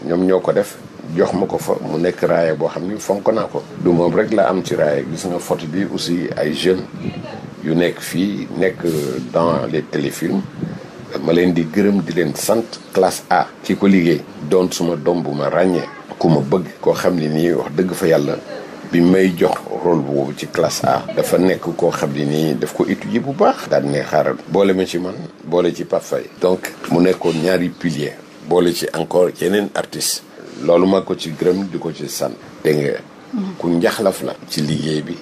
ñoom ñoo ko def. jox ma ko fa mu nekk raaya boo xam ni fonk naa ko du moom rek laa am ci raaya gis nga photo bi aussi ay jeunes yu nekk fii nekk dans les téléfilms ma leen di gërëm di leen sant classe A ci ko liggéey doon suma doom bu ma ràññee ku ma bëgg koo xam ne nii wax dëgg fa yàlla bi may jox rôle boobu ci classe A dafa nekk koo xam ni nii daf ko étudier bu baax daan ne xaaral boole ma ci man boole ci Pape Faye donc mu nekkoon ñaari pilier boole ci encore yeneen artiste loolu ma ko ci gërëm di ko ci sant dégg nga mhm. ku njaxlaf la ci liggéey bi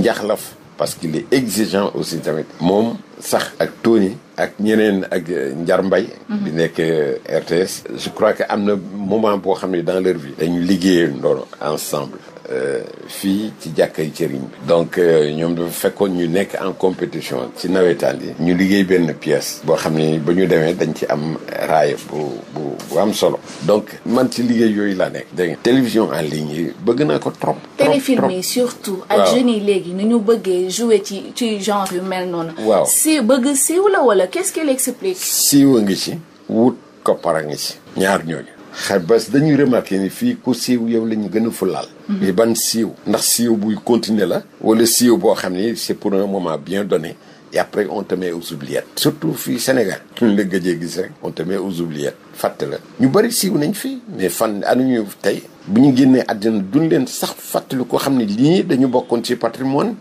njaxlaf parce qu'il est exigeant aussi tamit moom sax ak Tony ak ñeneen ak euh, Njar Mbay mhm. bi nekk euh, RTS je crois que am na moment boo xam ne dans leur vie dañu liggéey ndoonu ensemble Euh, fii ci jàkkay cëriñ bi donc euh, ñoom dafa fekkoon ñu nekk en compétition ci nawetaan yi ñu liggéey benn pièce boo xam ne ba ñu demee dañ ci am raaya bu bu bu am solo donc man ci liggéey yooyu laa nekk dégg nga télévision en ligne yi bëgg naa ko trop téléfilm yi surtout ak jeunes yi léegi ni ci ci genre yu mel waaw si bëgg siiw la wala qu'est-ce qu'il siiw a ngi ci wut koppar a ngi ci ñaar ñooñu xay bas dañuy remarqué ni fii ku siiw yow la ñu gën a fulaal. mais mhm. ban siiw ndax siiw buy continuer la. wala siiw boo xam ni c'est pour un moment bien donné et après on te met aux surtout fii Sénégal. la gëjee gis rek on te met aux oubliettes fàtte la. ñu bëri siiw nañ fii mais fan anuñu tey bu ñu génnee àddina duñ leen sax fàttali ko xam ne lii dañu bokkoon ci patrimoine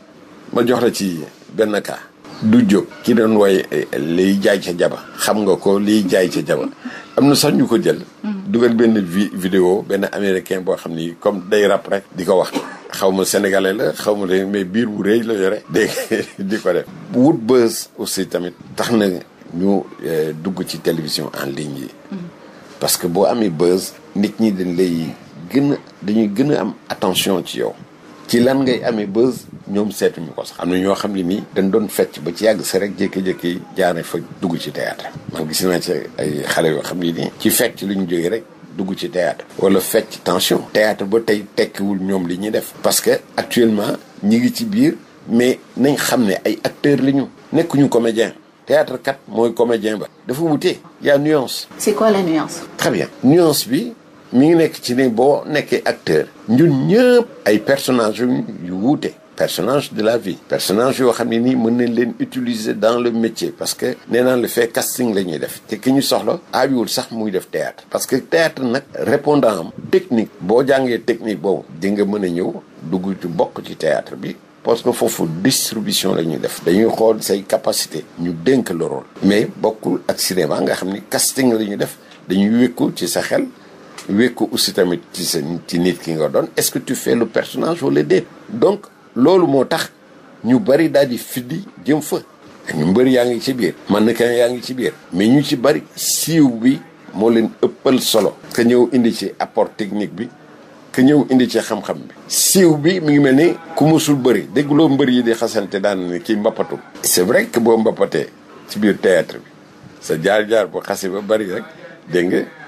ma jox la ci benn cas. du jóg ki doon woy eh, eh, liy jaay ca jaba. xam nga ko liy jaay ca jaba. am na sax ñu ko jël. dugal benn vi vidéo benn américain boo xam ni comme day rap rek. di ko wax xaw ma sénégalais la xaw ma mais biir bu rëy la yore. dégg di ko def. wut buzz aussi tamit tax na ñu euh, dugg ci télévision en ligne yi. Mm-hmm. parce que boo amee buzz nit ñi dañ lay gën dañuy gën am attention ci yow. ci lan ngay amee ba ñoom seetuñu ko sax am na ñoo xam ne nii dañ doon fecc ba ci yàgg si rek jékki-jékki jaane faj dugg ci théâtre man gis naa ci ay xale yoo xam ne nii ci fecc lu ñu jógee rek dugg ci théâtre wala fecc tension théâtre ba tey tekkiwul ñoom li ñuy def parce que actuellement ñi ngi ci biir mais nañ xam ne ay acteurs la ñu nekkuñu comédien théâtre kat mooy comédien ba dafa wutee y a nuance c'est quoi la bien nuance bi mi ngi nekk ci ne boo nekkee acteur ñun ñëpp ay personnage yu wuute personnage de la vie personnage yoo xam ne nii mën nañ leen utiliser dans le métier parce que nee naan le fait casting la def te ki ñu soxla aajuwul sax muy def théâtre parce que théâtre nag répondant am technique boo jàngee technique boobu di nga mën a ñëw dugg ci bokk ci théâtre bi parce que foofu distribution la ñuy def dañuy xool say capacité ñu dénk le rôle mais bokkul ak cinéma nga xam ni casting la ñuy def dañuy wékku ci sa xel wékku aussi tamit ci sa ci nit ki nga doon est-ce que tu fais le personnage wala déet donc loolu moo tax ñu bari daal di fiddi jëm fa ñu mbëri yaa ngi ci biir man na kan yaa ngi ci biir mais ñu ci bari siiw bi moo leen ëppal solo ka ñëw indi ci apport technique bi ka ñëw indi ci xam-xam bi siiw bi mi ngi mel ni ku musul bëri dégguloo mbër yi di xasante daan ki kii mbappatu c'est vrai que boo mbappatee ci biir théâtre bi sa jaar-jaar bu xase ba bari rek dégg nga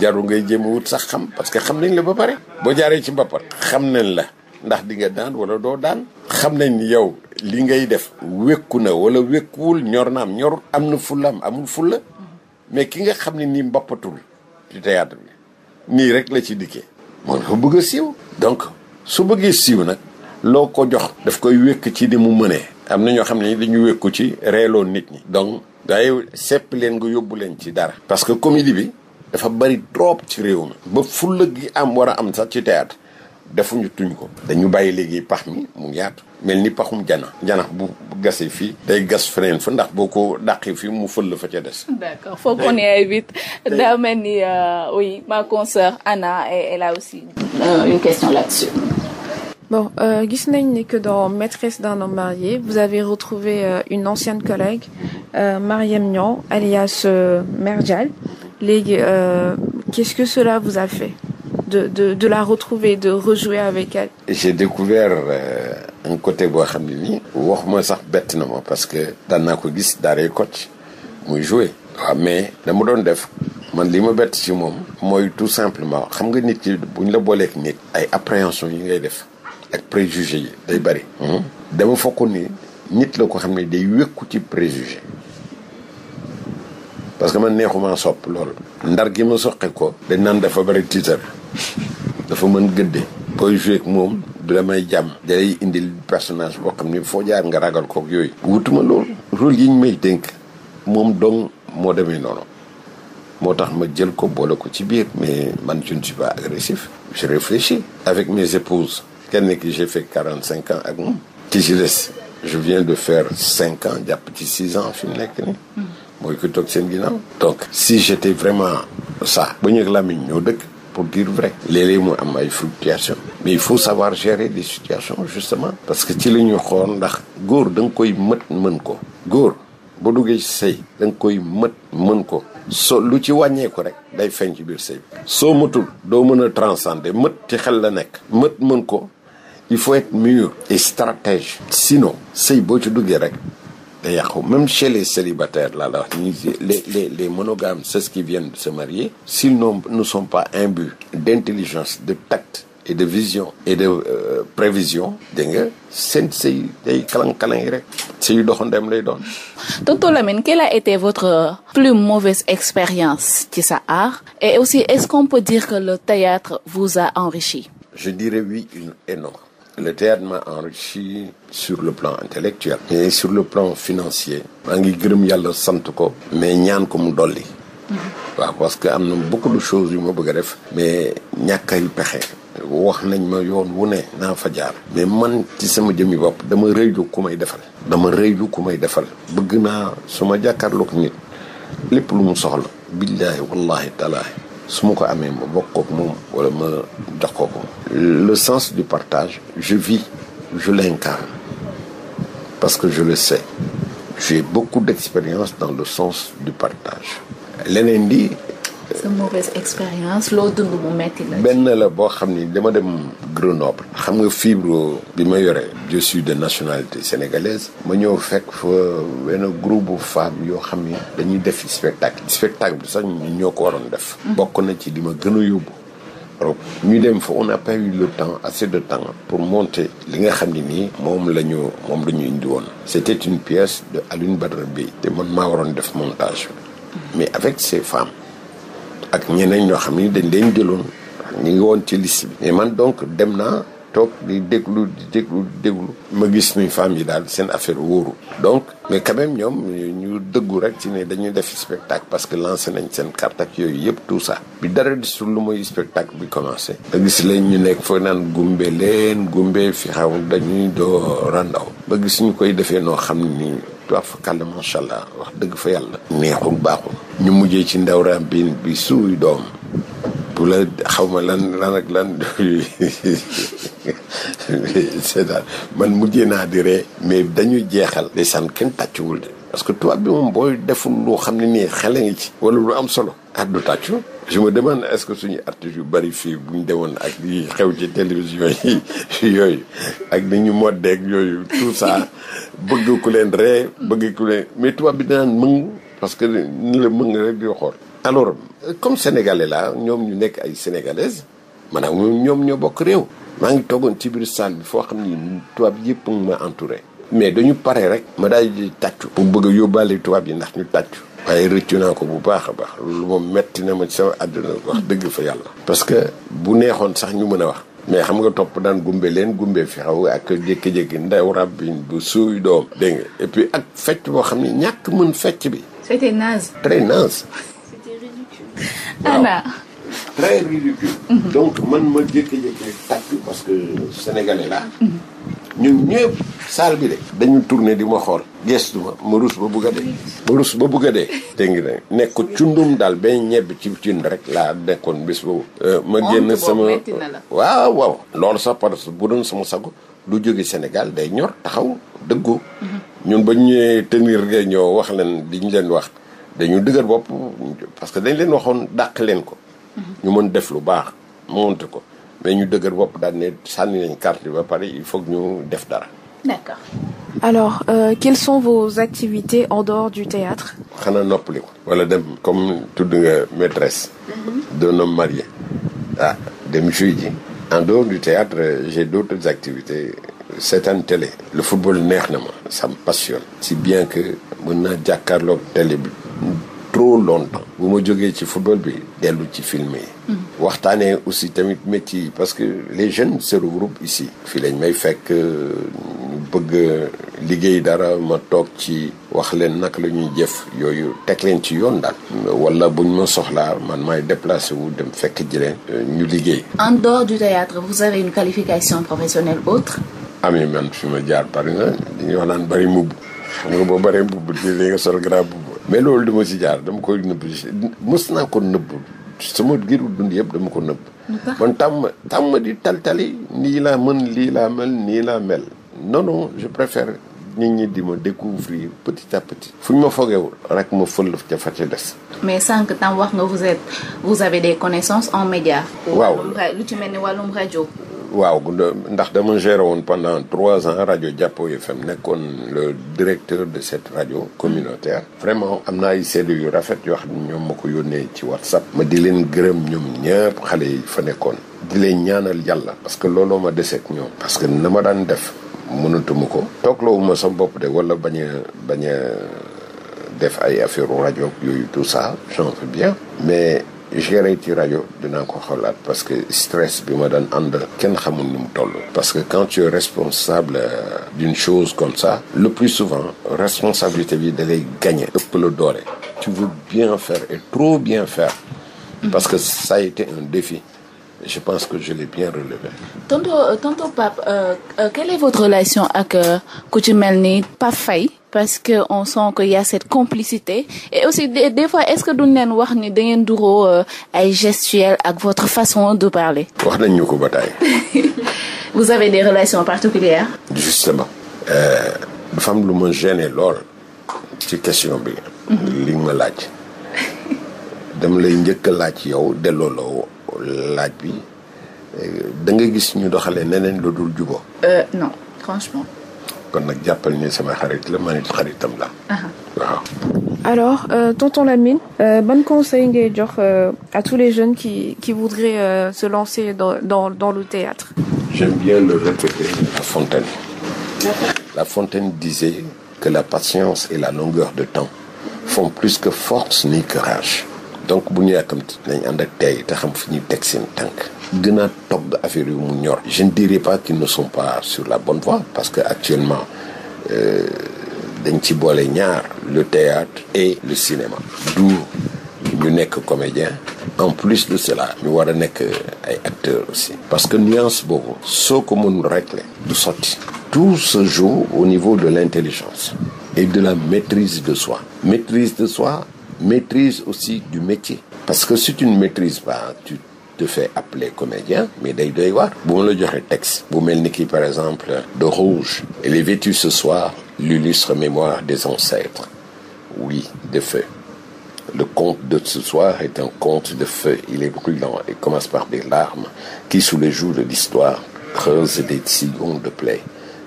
jaru ngay jéem wut sax xam parce que xam nañ la ba pare boo jaaree ci mbappat xam nañ la ndax di nga daan wala doo daan xam nañ ni yow li ngay def wékku na wala wékkuwul ñor na am ñorut am na fulla amul fulla mais ki nga xam ne nii mbappatul ci bi nii rek la ci dikkee moom dafa bëgg a siiw donc su bëggee siiw nag loo ko jox daf koy wékk ci di mu mënee am na ñoo xam ne ñu wékku ci reeloo nit ñi donc waaye sepp leen nga yóbbu leen ci dara parce que comédie bi dafa bari trop ci réew mi ba fulla gi am war a am sax ci théâtre defuñu tuñ ko dañu bàyyi léegi pax mi mu yaatu mel ni paxum jana jana bu gasee fii day gas feneen fa ndax boo ko dàqee fii mu fël fa ca des d'accord faut qu'on y aille vite daa mel ni euh, oui ma consoeur Anna elle a aussi euh, une n'est euh, que dans Maîtresse d'un homme marié. Vous avez retrouvé euh, une ancienne collègue, euh, Mariam alias euh, léegi euh, qu'est-ce que cela vous a fait de de de la retrouver de rejouer avec elle. j'ai découvert euh, un côté boo xam ne nii. waxuma sax bett na ma parce que daan naa ko gis daaree coach muy jouer. waaw mais dama doon def man li ma bett ci moom. mooy tout simplement xam nga nit ki bu ñu la booleek nit. ay appréhension yi ngay def ak préjugé yi day bari. Mm-hmm. dama fokk ni nit la ko xam ne day wékku ci préjugé. parce que man neexumaa sopp lool ndar gi ma soqe ko dañ naan dafa bari tiitar dafa mën gëdde booy joué moom du la may jàmm dalay indil personnage boo xam ni foo jaar nga ragal kook yooyu wutuma lool rôle yi ñu may dénk moom dong moo demee noonu moo tax ma jël ko boole ko ci biir mais man je ne suis pas agressif je réfléchis avec mes épouses kenn ki j'ai fait quarante cinq ans ak moom ci je viens de faire cinq ans jàpp ci six ans fi mu nekk nii mooy ku toog seen ginnaaw. donc si j'étais vraiment ça. ba ñu ak Lamine ñoo dëkk pour dire vrai. léeg-léeg mu am ay fluctuations. mais il faut savoir gérer des situations justement. parce que ci la ñu xool ndax góor danga koy mët mën ko. góor boo duggee ci sëy da nga koy mët mën ko. so lu ci wàññeeku rek day feeñ ci biir sëy soo mëtul doo mën a transcender mët ci xel la nekk. mët mën ko il faut être mûr et stratège. sinon sëy boo ci duggee rek. day yàqu même chez les célibataires laa la wax ñi les les les monogames c'est ce qui viennent de se marier s'ils ne sont pas imbus d'intelligence de tact et de vision et de euh, prévision dégg nga seen sëy day kalang-kalang yi rek sëyu doxandem lay doon tonton Lamine quelle a été votre plus mauvaise expérience ci sa art et aussi est-ce qu'on peut dire que le théâtre vous a enrichi je dirais oui une et non le théâtre m'a enrichi sur le plan intellectuel mais sur le plan financier maa ngi gërëm yàlla sant ko mais ñaan ko mu dolli mm-hmm. waaw parce que am na beaucoup de choses yu ma bëgg a def mais ñàkk ay pexe wax nañ ma yoon wu ne naa fa jaar mais man ci sama jëmmi bopp dama rëylu ku may defal dama rëylu ku may defal bëgg naa su ma jàkkaarloog nit lépp lu mu soxla billaahi wallaahi talaahi su ma ko amee ma bokk kook moom wala ma jox ko ko le sens du partage je vis je l'incarne parce que je le sais j'ai beaucoup d'expérience dans le sens du partage leneen li loo dund mu metti la. benn la boo xam ni dama dem Grenoble. xam nga fibro bi ma yore. je suis de nationalité sénégalaise. ma ñëw fekk fa benn groupe bu femmes yoo xam ni. dañuy def spectacle. spectacle bi sax ñun ñoo ko waroon def. Mm-hmm. bokk na ci li ma gën a yóbbu. ñu dem fa on n'a pas eu temps assez de temps pour monter li nga xam ne nii moom la ñu moom la ñu indi woon c'était une pièce de Alioune Badara bi te man maa waroon def montage mm-hmm. mais avec ces femmes ak ñeneen ñoo xam ni dañ leen jëloon ñu ngi woon ci liste bi mais man donc dem naa toog di déglu di déglu di déglu ma gis ni femme yi daal seen affaire wóoru donc mais quand ñoom ñu dëggu rek ci ne dañuy def spectacle parce que lancé nañ seen carte ak yooyu yëpp tout sax bi dara su lu mooy spectacle bi commencé ba gis lañ ñu nekk foog naan gumbe leen gumbe fi xaw dañuy doo randaw ba gis ñu koy defee noo xam nii tuwaat fa kàll macha allah wax dëgg fa yàlla. neexul baaxul. ñu mujjee ci ndaw raam bi bi suuy doom. bu la xaw ma lan lan ak lan man mujjee naa di ree mais dañu jeexal. sant kenn tàccuwul de. parce que tubaab bi moom booy deful loo xam ne nii xele ngi ci. wala lu am solo. ah du tàccu. je me demande est-ce que suñu artistes yu bari fii bu ñu demoon ak yi xew ci télévision yi yooyu ak ni ñu moddeeg yooyu tout ça bëgg ku leen ree bëgg ku leen mais tubaab bi dinaan mëng parce que ni la mëng rek di xool. alors comme sénégalais la ñoom ñu nekk ay sénégalaises maanaam ñoom ñoo bokk réew. maa ngi toogoon ci biir salle bi foo xam ni tubaab yëpp mu ma entouré. mais ñu pare rek. ma daal di tàccu. pour bëgg a yóbbaale tubaab yi ndax ñu tàccu. waaye rëccu naa ko bu baax a baax loolu moom metti na ma ci sama àdduna wax dëgg fa yàlla. parce que bu neexoon sax ñu mën a wax. mais xam nga topp daan gumbe leen gumbe fi xaw ak jékki-jékki ndaw ràbbi bu suuy doom. dégg nga et puis ak fecc boo xam ne ñàkk mën fecc bi. c'était naze. très ridicule. Mhm. donc man ma jékki-jékki tàcc parce que sénégalais la mhm. ñun ñëpp saal bi de dañu tourné di ma xool gestu ma ma ba bugg a dee ma rus ba bugg a dee dégg nga nekk cundum daal benn ñebbi ci cin rek laa nekkoon bés boobu euh, ma génn sama waaw waaw loolu sax parce que bu doon sama sago lu jóge Sénégal day ñor taxaw dëggoo mhm. ñun ba ñu tenir ga ñoo wax leen diñ leen wax dañu dëgër bopp parce que dañ leen waxoon dàq leen ko mhm. ñu mën def lu baax monte ko mais ñu dëgër bopp daal ne sànni nañ carte bi ba pare il faut que ñu def dara. d'accord alors euh, quelles sont vos activités en dehors du théâtre. wala dem comme tudd nga maîtresse. Mhm. d'un homme marié. ah dem joué ji. en dehors du théâtre j'ai d'autres activités seetaan télé. le football neex na ma ça me passionne. si bien que mën naa jàkkaarloog télé bi. trop longtemps bu ma jógee ci football bi dellu ci filme hmm. waxtaanee aussi tamit métier yi parce que les jeunes se regroupent ici fii lañ may fekk euh, ñu bëgg liggéey dara ma toog ci wax leen nak la ñuy jëf yooyu teg leen ci yoon daal wala buñ ma soxlaa man maay déplacé wu dem fekk ji leen euh, ñu liggéey en dehors du théâtre vous avez une qualification professionnelle autre amee ah, man fi ma jaar pare nga dañuy wax naan bëri mbubb xam nga boo bëree mbubb di li nga sol grand mbubb mais loolu dama si jaar dama koy nëbb mës naa ko nëbb sama giru dund yëpp dama ko nëbb man tam tàmm di tal-tali nii laa mën lii laa mel nii laa mel non non je préfère ñi di ma découvrir petit à petit fu ñu ma fogeewul rek ma fëlëf ca fa ca des mais sànq tam wax nga vous êtes vous avez des connaissances en média waaw lu ci mel ni wàllum rajo waaw ndax dama géré woon pendant trois ans rajo Jàppo FM nekkoon le directeur de cet rajo communautaire vraiment am na ay seede yu rafet yoo xam ñoom ma ko yónnee ci WhatsApp ma di leen gërëm ñoom ñëpp xale yi fa nekkoon di leen ñaanal yàlla parce que looloo ma deseeg ñoom parce que na ma daan def mënatuma ko tooglawuma sama bopp de wala bañ a bañ a def ay affaire rajo yooyu tout ça j'en fais bien mais gérer ci rajo dinaa ko xoolaat parce que stress bi ma daan ànd kenn xamul ni mu toll. parce que quand tu es responsable euh, d'une chose comme ça le plus souvent responsabilité bi da lay gagné. ëpp la doole. tu veux bien faire et trop bien faire. parce que ça a été un défi. je pense que je l'ai bien relevé. tonton euh, tonton Pape euh, euh, quelle est votre relation ak euh, ku ci mel ni Pape Faye parce que on sent que y complicité et aussi de des fois est-ce que duñ leen wax ni da ngeen duroo euh, ay gestuelle ak votre façon de parler. wax nañ ñu ko ba taay. vous avez des relations particulières. justement euh, dafa lu ma gêné lool ci question bi. Mhm. li ma laaj. dama lay njëkka a laaj yow delloo la laaj bi euh, da nga gis ñu doxalee neneen lu dul jubóo. kon nag jàppal ni sama xarit la man it xaritam la uh-huh. waaw alors euh, tonton Lamine euh, ban conseil ngay jox euh, à tous les jeunes qui qui voudraient euh, se lancer dans dans dans le théâtre j'aime bien le répéter La Fontaine La Fontaine disait que la patience et la longueur de temps font plus que force ni que rage donc bu ñu yàkkamti nañ ànd ak tey te xam fi ñuy teg seen tànk gën a togg affaire yu mu ñor. je ne dirais pas qu'ils ne sont pas sur la bonne voie parce que actuellement euh, dañ ci boole ñaar le théâtre et le cinéma. d'où ñu nekk comédien en plus de cela ñu war a nekk ay acteurs parce que nuance boobu. soo ko mënul régler du sotti. tout se joue au niveau de l'intelligence et de la maîtrise de soi. maîtrise de soi maîtrise aussi du métier. parce que si tu ne maîtrises pas fait appeler comédien mais day doy waar bu la joxee texte bu mel ni ki par exemple de rouge elle est vêtue ce soir l'illustre mémoire des ancêtres oui de feu le conte de ce soir est un conte de feu il est brûlant et commence par des larmes qui sous le joug de l'histoire creusent des sillons de plaie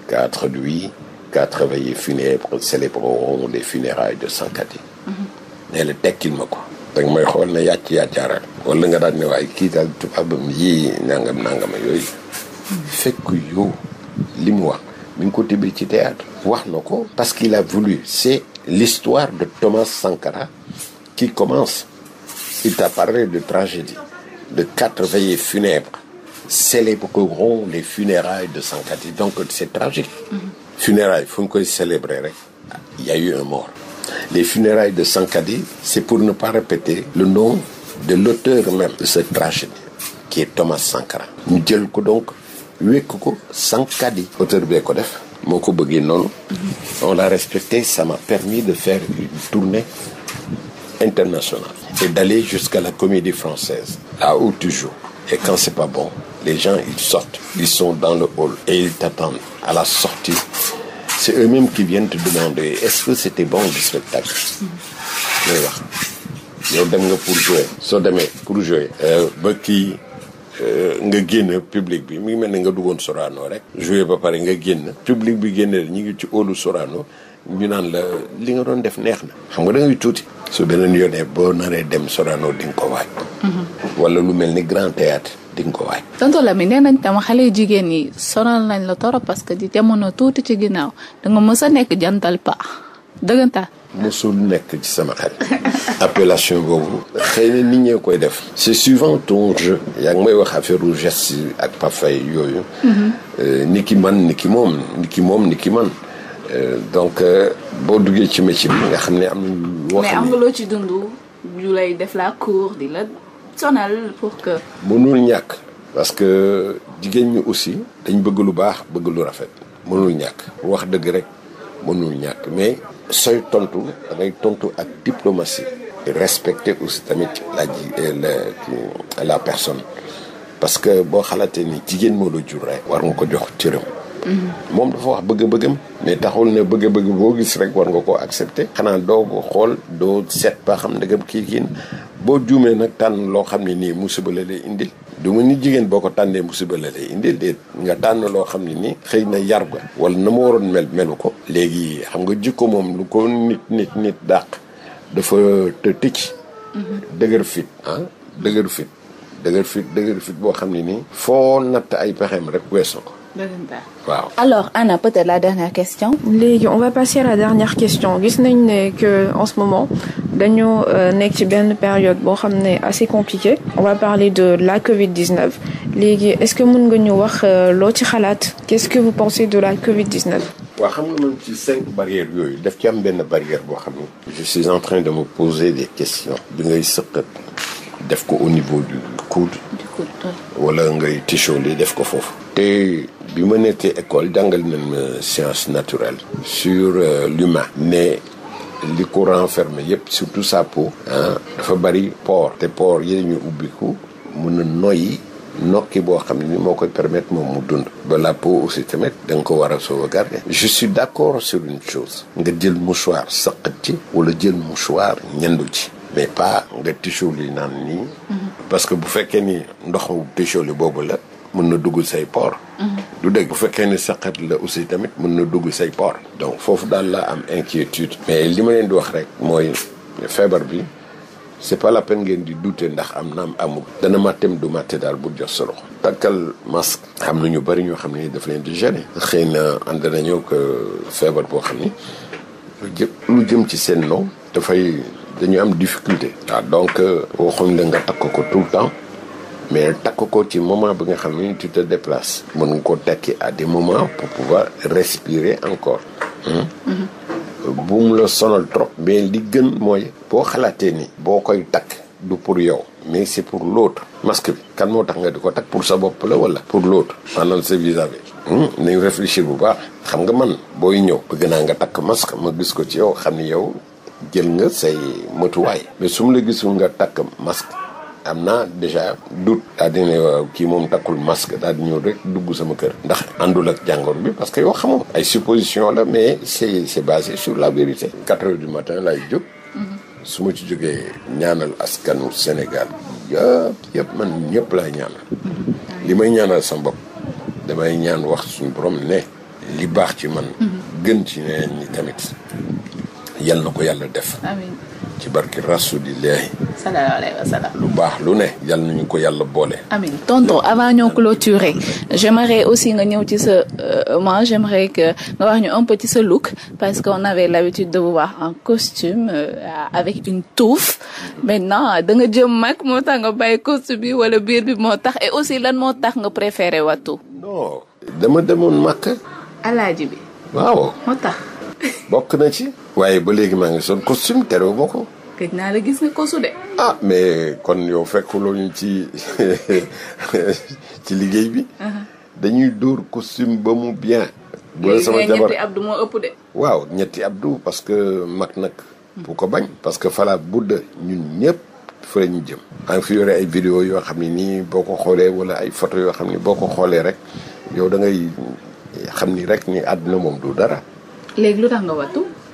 quatre nuits quatre veillées funèbres célébreront les funérailles de Sankati mm-hmm. mais le ko danga may xool ne yàcc yàccaaral wala nga daal ne waaye kii daal nangam nangam yooyu fekk yow li mu wax mi ngi ko ci théâtre wax na ko parce qu'il a voulu c'est l'histoire de Thomas Sankara qui commence il t'a parlé de tragédie de quatre veillées funèbres célébreront les funérailles de Sankara donc c'est tragique mm -hmm. funérailles fu ñu koy célébrer rek il y a eu un mort les funérailles de Sankara c'est pour ne pas répéter le nom de l'auteur même de cette tragédie qui est Thomas Sankara ñu jël ko donc wékk ko Sankadi auteur bee ko def moo ko bëggee noonu on l'a respecté ça m'a permis de faire une tournée internationale et d'aller jusqu'à la comédie française là où tu joues et quand c'est pas bon les gens ils sortent ils sont dans le hall et ils t'attendent à la sortie c'est eux-mêmes qui viennent te demander est-ce que c'était bon le spectacle looy yow dem nga pour jouer soo demee pour jouer euh, ba ki euh, nga génn public bi mu ngi mel ne nga duggoon Sorano rek jouer ba pare nga génn public bi génne ñi ngi ci óolu Sorano ñu naan la li nga doon def neex na xam nga da ngay tuuti su beneen yoonee boo naree dem Sorano di nga ko waaj mm-hmm. wala lu mel ni grand théâtre di ko waaj tonton Lamine nee nañ tam xale jigéen yi sonal nañ la que di jamono tuuti ci ginnaaw da nga mës a nekk jantal paa dëggantaan. mosul nekk ci sama xel. appellation boobu. xëy na nit ñee koy def. c'est suivant ton yaa ngi may wax affaire geste ak pafay yooyu. Euh, ni ki man ni ki moom ni ki moom ni ki man. Euh, donc euh, boo duggee ci métier bi nga xam ne am na. wax mais am nga loo ci dund ñu lay def la cour di la sonal pour que. mënul ñàkk parce que jigéen ñi aussi dañ bëgg lu baax bëgg lu rafet mënul ñàkk wax dëgg rek. mënul ñàkk mais sooy tontu da tontu ak diplomatie respecter aussi tamit la ji euh, la personne parce que boo xalaatee ni jigéen moo la jur rek war nga ko jox cëram moom dafa wax bëgg-bëggam mais taxul ne bëgg-bëgg boo gis rek war nga koo accepter xanaa doo ko xool doo set ba xam ndegam kii kii boo juumee nag tànn loo xam ne nii musiba la lay indil du ma ni jigéen boo ko tànnee musiba la lay nga tànn loo xam ne nii xëy na yar ga wala na ma waroon mel melu ko léegi xam nga jikko moom lu ko nit nit nit dàq dafa te ticc dëgër fit ah dëgër fit dëgër fit dëgër fit boo xam ne nii foo natt ay pexeem rek weesu ko waaw alors Anna peut-être la dernière question. léegi on va passer à la dernière question gis nañ ne que en ce moment dañoo euh, nekk ci benn période boo xam ne assez compliquée. on va parler de la Covid 19 léegi est-ce que mën nga ñu wax euh, loo ci xalaat. qu'est-ce que vous pensez de la Covid 19. waaw xam nga man ci cinq barrières yooyu daf ci am benn barrière boo xam ne. je suis en train de me poser des questions. bi ngay sëqat def ko au niveau du coude. wala ngay tichooli def ko foofu. te bi ma te école jàngal nañ ma science naturelle. sur euh, l'humain ne li ko ferme yëpp surtout sa peau. dafa bari pores. te pores yi ñu ubbiku mun a noyyi. nokki boo xam ne ni moo koy permettre moom mu dund ba la peau aussi tamit da nga ko war a sauvegarder je suis d'accord sur une chose nga jël mouchoir saqat ci wala jël mouchoir ñendu ci mais pas nga tichu li naan nii mm-hmm. parce que bu fekkee ni ndoxu pétrole boobu la mën na dugg say port mhm. du dégg bu fekkee ni saqat la aussi tamit mën na dugg say port donc foofu daal laa am inquiétude mais li ma leen di wax rek mooy feebar bi c'est pas la peine ngeen di dute ndax am naam amul dana mattem du matte daal bu jox solo takkal masque xam na ñu bari ñoo xam ne dafa leen di gêner xëy na ànd nañoo que feebar boo xam ni lu lu jëm ci seen now dafay dañu am difficulté. waaw ah, donc euh, waxuñ la nga takk ko tout le temps mais takk ko ci moment bi nga xam ni tu de déplaces. mën nga ko tekki à des moments pour pouvoir respirer encore. Hmm? Mm-hmm. bu mu la sonal trop. mais li gën mooy. boo xalaatee ni. boo koy takk du pour yow. mais c'est pour l'autre masque bi kan moo tax nga di ko takk pour sa bopp la wala. pour l'autre maanaam sa vis-à-vis. Hmm? nañ bu baax. xam nga man booy ñëw. bëgg naa nga takk masque ma gis ko ci yow xam ne yow jël nga say matuwaay mais su mu la gisul nga takk masque am na déjà doute daal dina kii moom takkul masque daal di rek dugg sama kër ndax àndul ak jàngoor bi parce que yow xamoo ay supposition la mais c'est c'est sur la vérité quatre heures du matin laay jóg mm-hmm. su ma ci jógee ñaanal askanu Sénégal yëpp yëpp man ñëpp laay ñaanal mm-hmm. li may ñaanal sa bopp damay ñaan wax suñ borom ne li baax ci man mm-hmm. gën ci neen ñi tamit yal na ko yàlla def amiin ci barki rasulillahi lu baax lu ne yal nañu ko yàlla boole amiin tonton avant ñoo clôturer j'aimerais aussi nga ñëw ci sa euh, moi j'aimerais que nga wax ñu un peu ci sa look parce qu'on avait l'habitude de vous voir en costume euh, avec une touffe maintenant da nga jëm mag moo tax nga bàyyi costume bi wala biir moo tax et aussi lan moo tax nga préféré watu non dama demoon màkk alaaji bi bokk na ci waaye ba léegi maa ngi sol costume terewul ma ko. gëj naa la gis nga kosu de. ah mais kon yow fekk loolu ñu ci ci liggéey bi. dañuy dóor costume ba mu bien. bu sama jabar ñetti abdu moo ëpp de. waaw ñetti abdu parce que mag nag. bu ko bañ parce que fala budd ñun ñëpp fa ñu jëm. maa ngi fi yore ay vidéo yoo xam ne nii boo ko xoolee wala ay photo yoo xam ne boo ko xoolee rek yow da ngay xam ni rek ni àdduna moom du dara.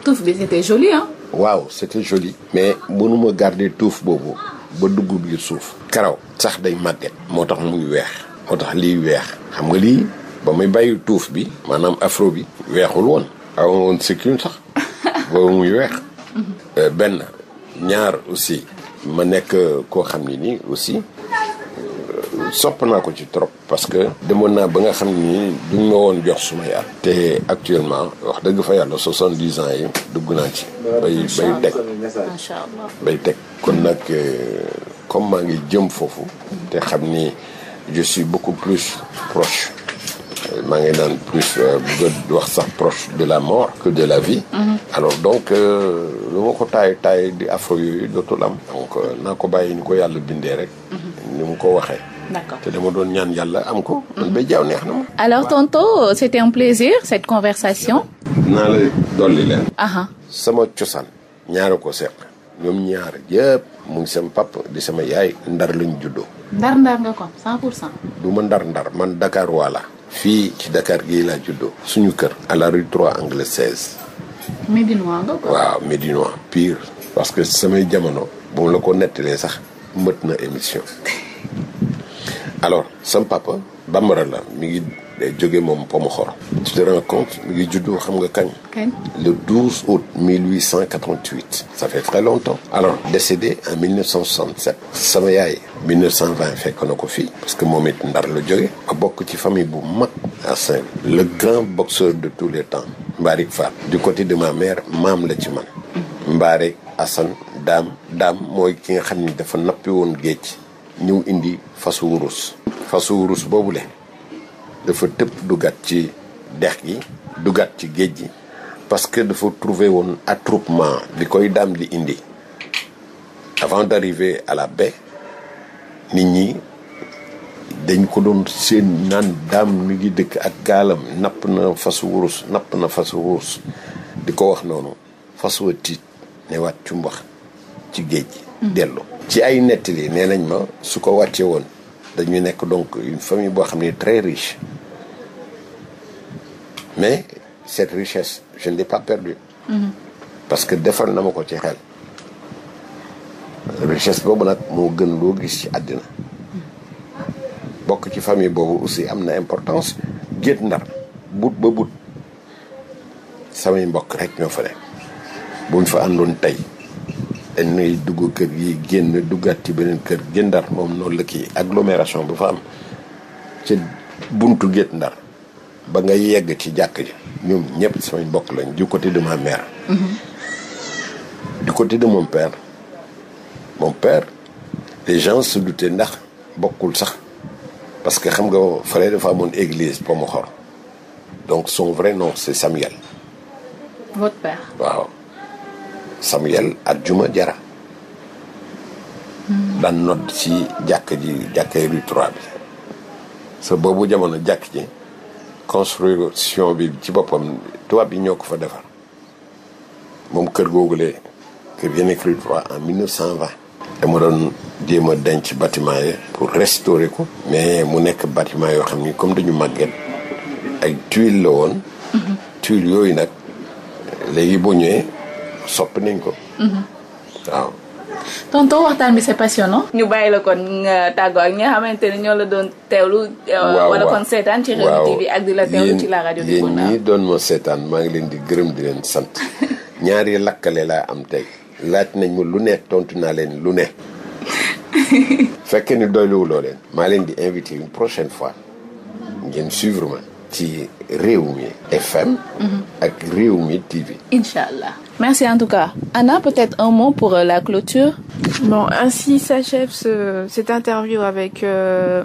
tuuf bi c'était joli ah. waaw c'était joli. mais mënuma garder tuuf boobu ba dugg biir suuf. karaw sax day màgget. moo tax muy weex. moo tax lii weex. xam nga lii ba muy bàyyi tuuf bi. maanaam afro bi. weexul woon. aw woon sikkim sax boobu muy weex. Euh, benn ñaar aussi. ma nekk koo xam ne nii aussi. sopp naa ko ci trop parce que demoon naa ba nga xam ni du ma woon jox suma yàlla te actuellement wax dëgg fa yàlla soixante dix ans yi dugg naa ci bay bay teg bay teg kon nag euh, comme maa ngi jëm foofu te xam ni je suis beaucoup plus proche euh, maa ngi naan plus euh, bëgg wax sax proche de la mort que de la vie mm-hmm. alors donc lu ma ko taay taay di afro yooyu dootul am donc naa ko bàyyi ni ko yàlla bindee rek mm-hmm. ni mu ko waxee d'accord te dama doon ñaan yàlla am ko. man ba jaaw neex na ma. alors tonton c'était un plaisir cette conversation. naa la dolli leen. sama cosaan ñaara ko seq. ñoom ñaar yëpp mu ngi sama pap di sama yaay. ndar lañ juddoo. ndar-ndar nga ko 100 pour cent. du ndar-ndar man Dakar waala. fii ci dakaar gii laa juddoo. suñu kër. à la rue 3 angle 16. Médinois waaw Médinois pire. parce que samay jamono. bu ma la ko nettalee sax mët na émission. alors sam papa bambara la mi ngi day eh, jóge moom Pomokhor. tu te rends compte mi ngi juddu xam nga kañ. le 12 sa 1888. ça fait très longtemps. alors décédé en 1967. sama yaay 1920 fekk na ko fii parce que moom it ndar la jóge a bokk ci famille bu mag à Saint le grand boxeur de tous les temps Mbarick Fall. du côté de ma mère maam la ci man. Mbarick Assane Dame daam mooy ki nga xam ni dafa nappi woon géej. ñëw indi fasu wurus fasu boobu le dafa tëb dugat ci dex gi dugat ci géej gi parce que dafa trouver woon attroupement di koy daam di indi avant d'arriver à la baie nit ñi dañ ko doon seen naan daam mi ngi dëkk ak gaalam napp na fasu wurus napp na fasu wurus di ko wax noonu fas wa tiit ne waat cumbax ci géej gi mm. dellu ci ay nettali nee nañ ma su ko wàccee woon dañu nekk donc une famille boo xam ne très riche mais cette richesse je ne l'ai pas perdue mhm. parce que defar na ma ko ci xel richesse boobu nag moo gën loo gis ci àddina bokk ci famille boobu aussi am na importance géet ndar but ba but samay mbokk rek ñoo fa ne buñ fa àndoon tey dañuy dugg kër gi génn duggaat ci beneen kër gi ndar moom noonu la kii agglomération bu fa am ci buntu gétt ndar ba nga yegg ci jàkk ji ñoom ñëpp samay mbokk lañ du côté de ma mère du côté de mon père mon père les gens se ndax bokkul sax parce que xam nga frère dafa amoon église Pomokhor donc son vrai nom c'est Samuel waaw Samuel Adjuma Jara hmm. daan nodd ci jàkk ji jàkkay rue 3 bi sa boobu jamono jàkk ji construction bi ci boppam tubaab yi ñoo ko fa defar moom kër googule kër gi nekk rue 3 en dama doon jéem a denc bâtiment yi pour restaurer ko mais mu nekk bâtiment yoo xam ni comme dañu màgget ak tuiles la woon mhm. tuiles yooyu nag léegi boo ñëwee sopp nañ ko. Mhm. waaw. tonton waxtaan bi c'est passionnant. ñu bàyyi la kon nga tàggoo ak ñi nga xamante ne ñoo la doon teewlu. Euh, waaw wala kon seetaan ci Rewmi TV ak di la teewlu ci la rajo. di ko naan doon ma seetaan maa ngi leen di gërëm di leen sant ñaari lakkale laa am tey laaj nañ ma lu ne tontu naa leen lu ne. fekkee ni doyluwuloo leen. maa leen di invité une prochaine fois ngeen suivre ci. réew mi FM. Mm-hmm. ak réew TV. incha allah merci en tout cas. Anna peut-être un mot pour euh, la clôture. bon ainsi s'achève ce, cette interview avec euh,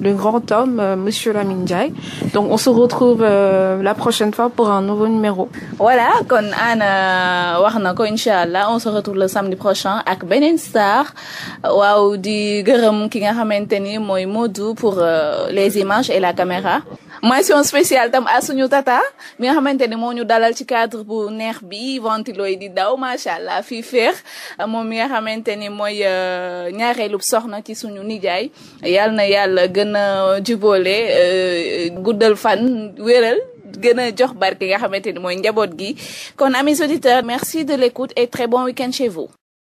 le grand homme euh, monsieur Lamine Ndiaye donc on se retrouve euh, la prochaine fois pour un nouveau numéro. voilà kon Anna wax na ko incha allah on se retrouve le samedi prochain ak beneen star waaw di gërëm ki nga xamante ni mooy Modou pour euh, les images et la caméra mention spéciale. a suñu tata mi nga xamante ni moo ñu dalal ci cadre bu neex bi ventilo yi di daw macha allah fii feex moom mi nga xamante ni mooy euh, ñaareelu soxna ci suñu nijaay yàlla na yàlla gën a jubóole euh, guddal fan wéral gën a jox barke nga xamante ni mooy njaboot gi kon amis auditeurs merci de l'écoute et très bon week-end chez vous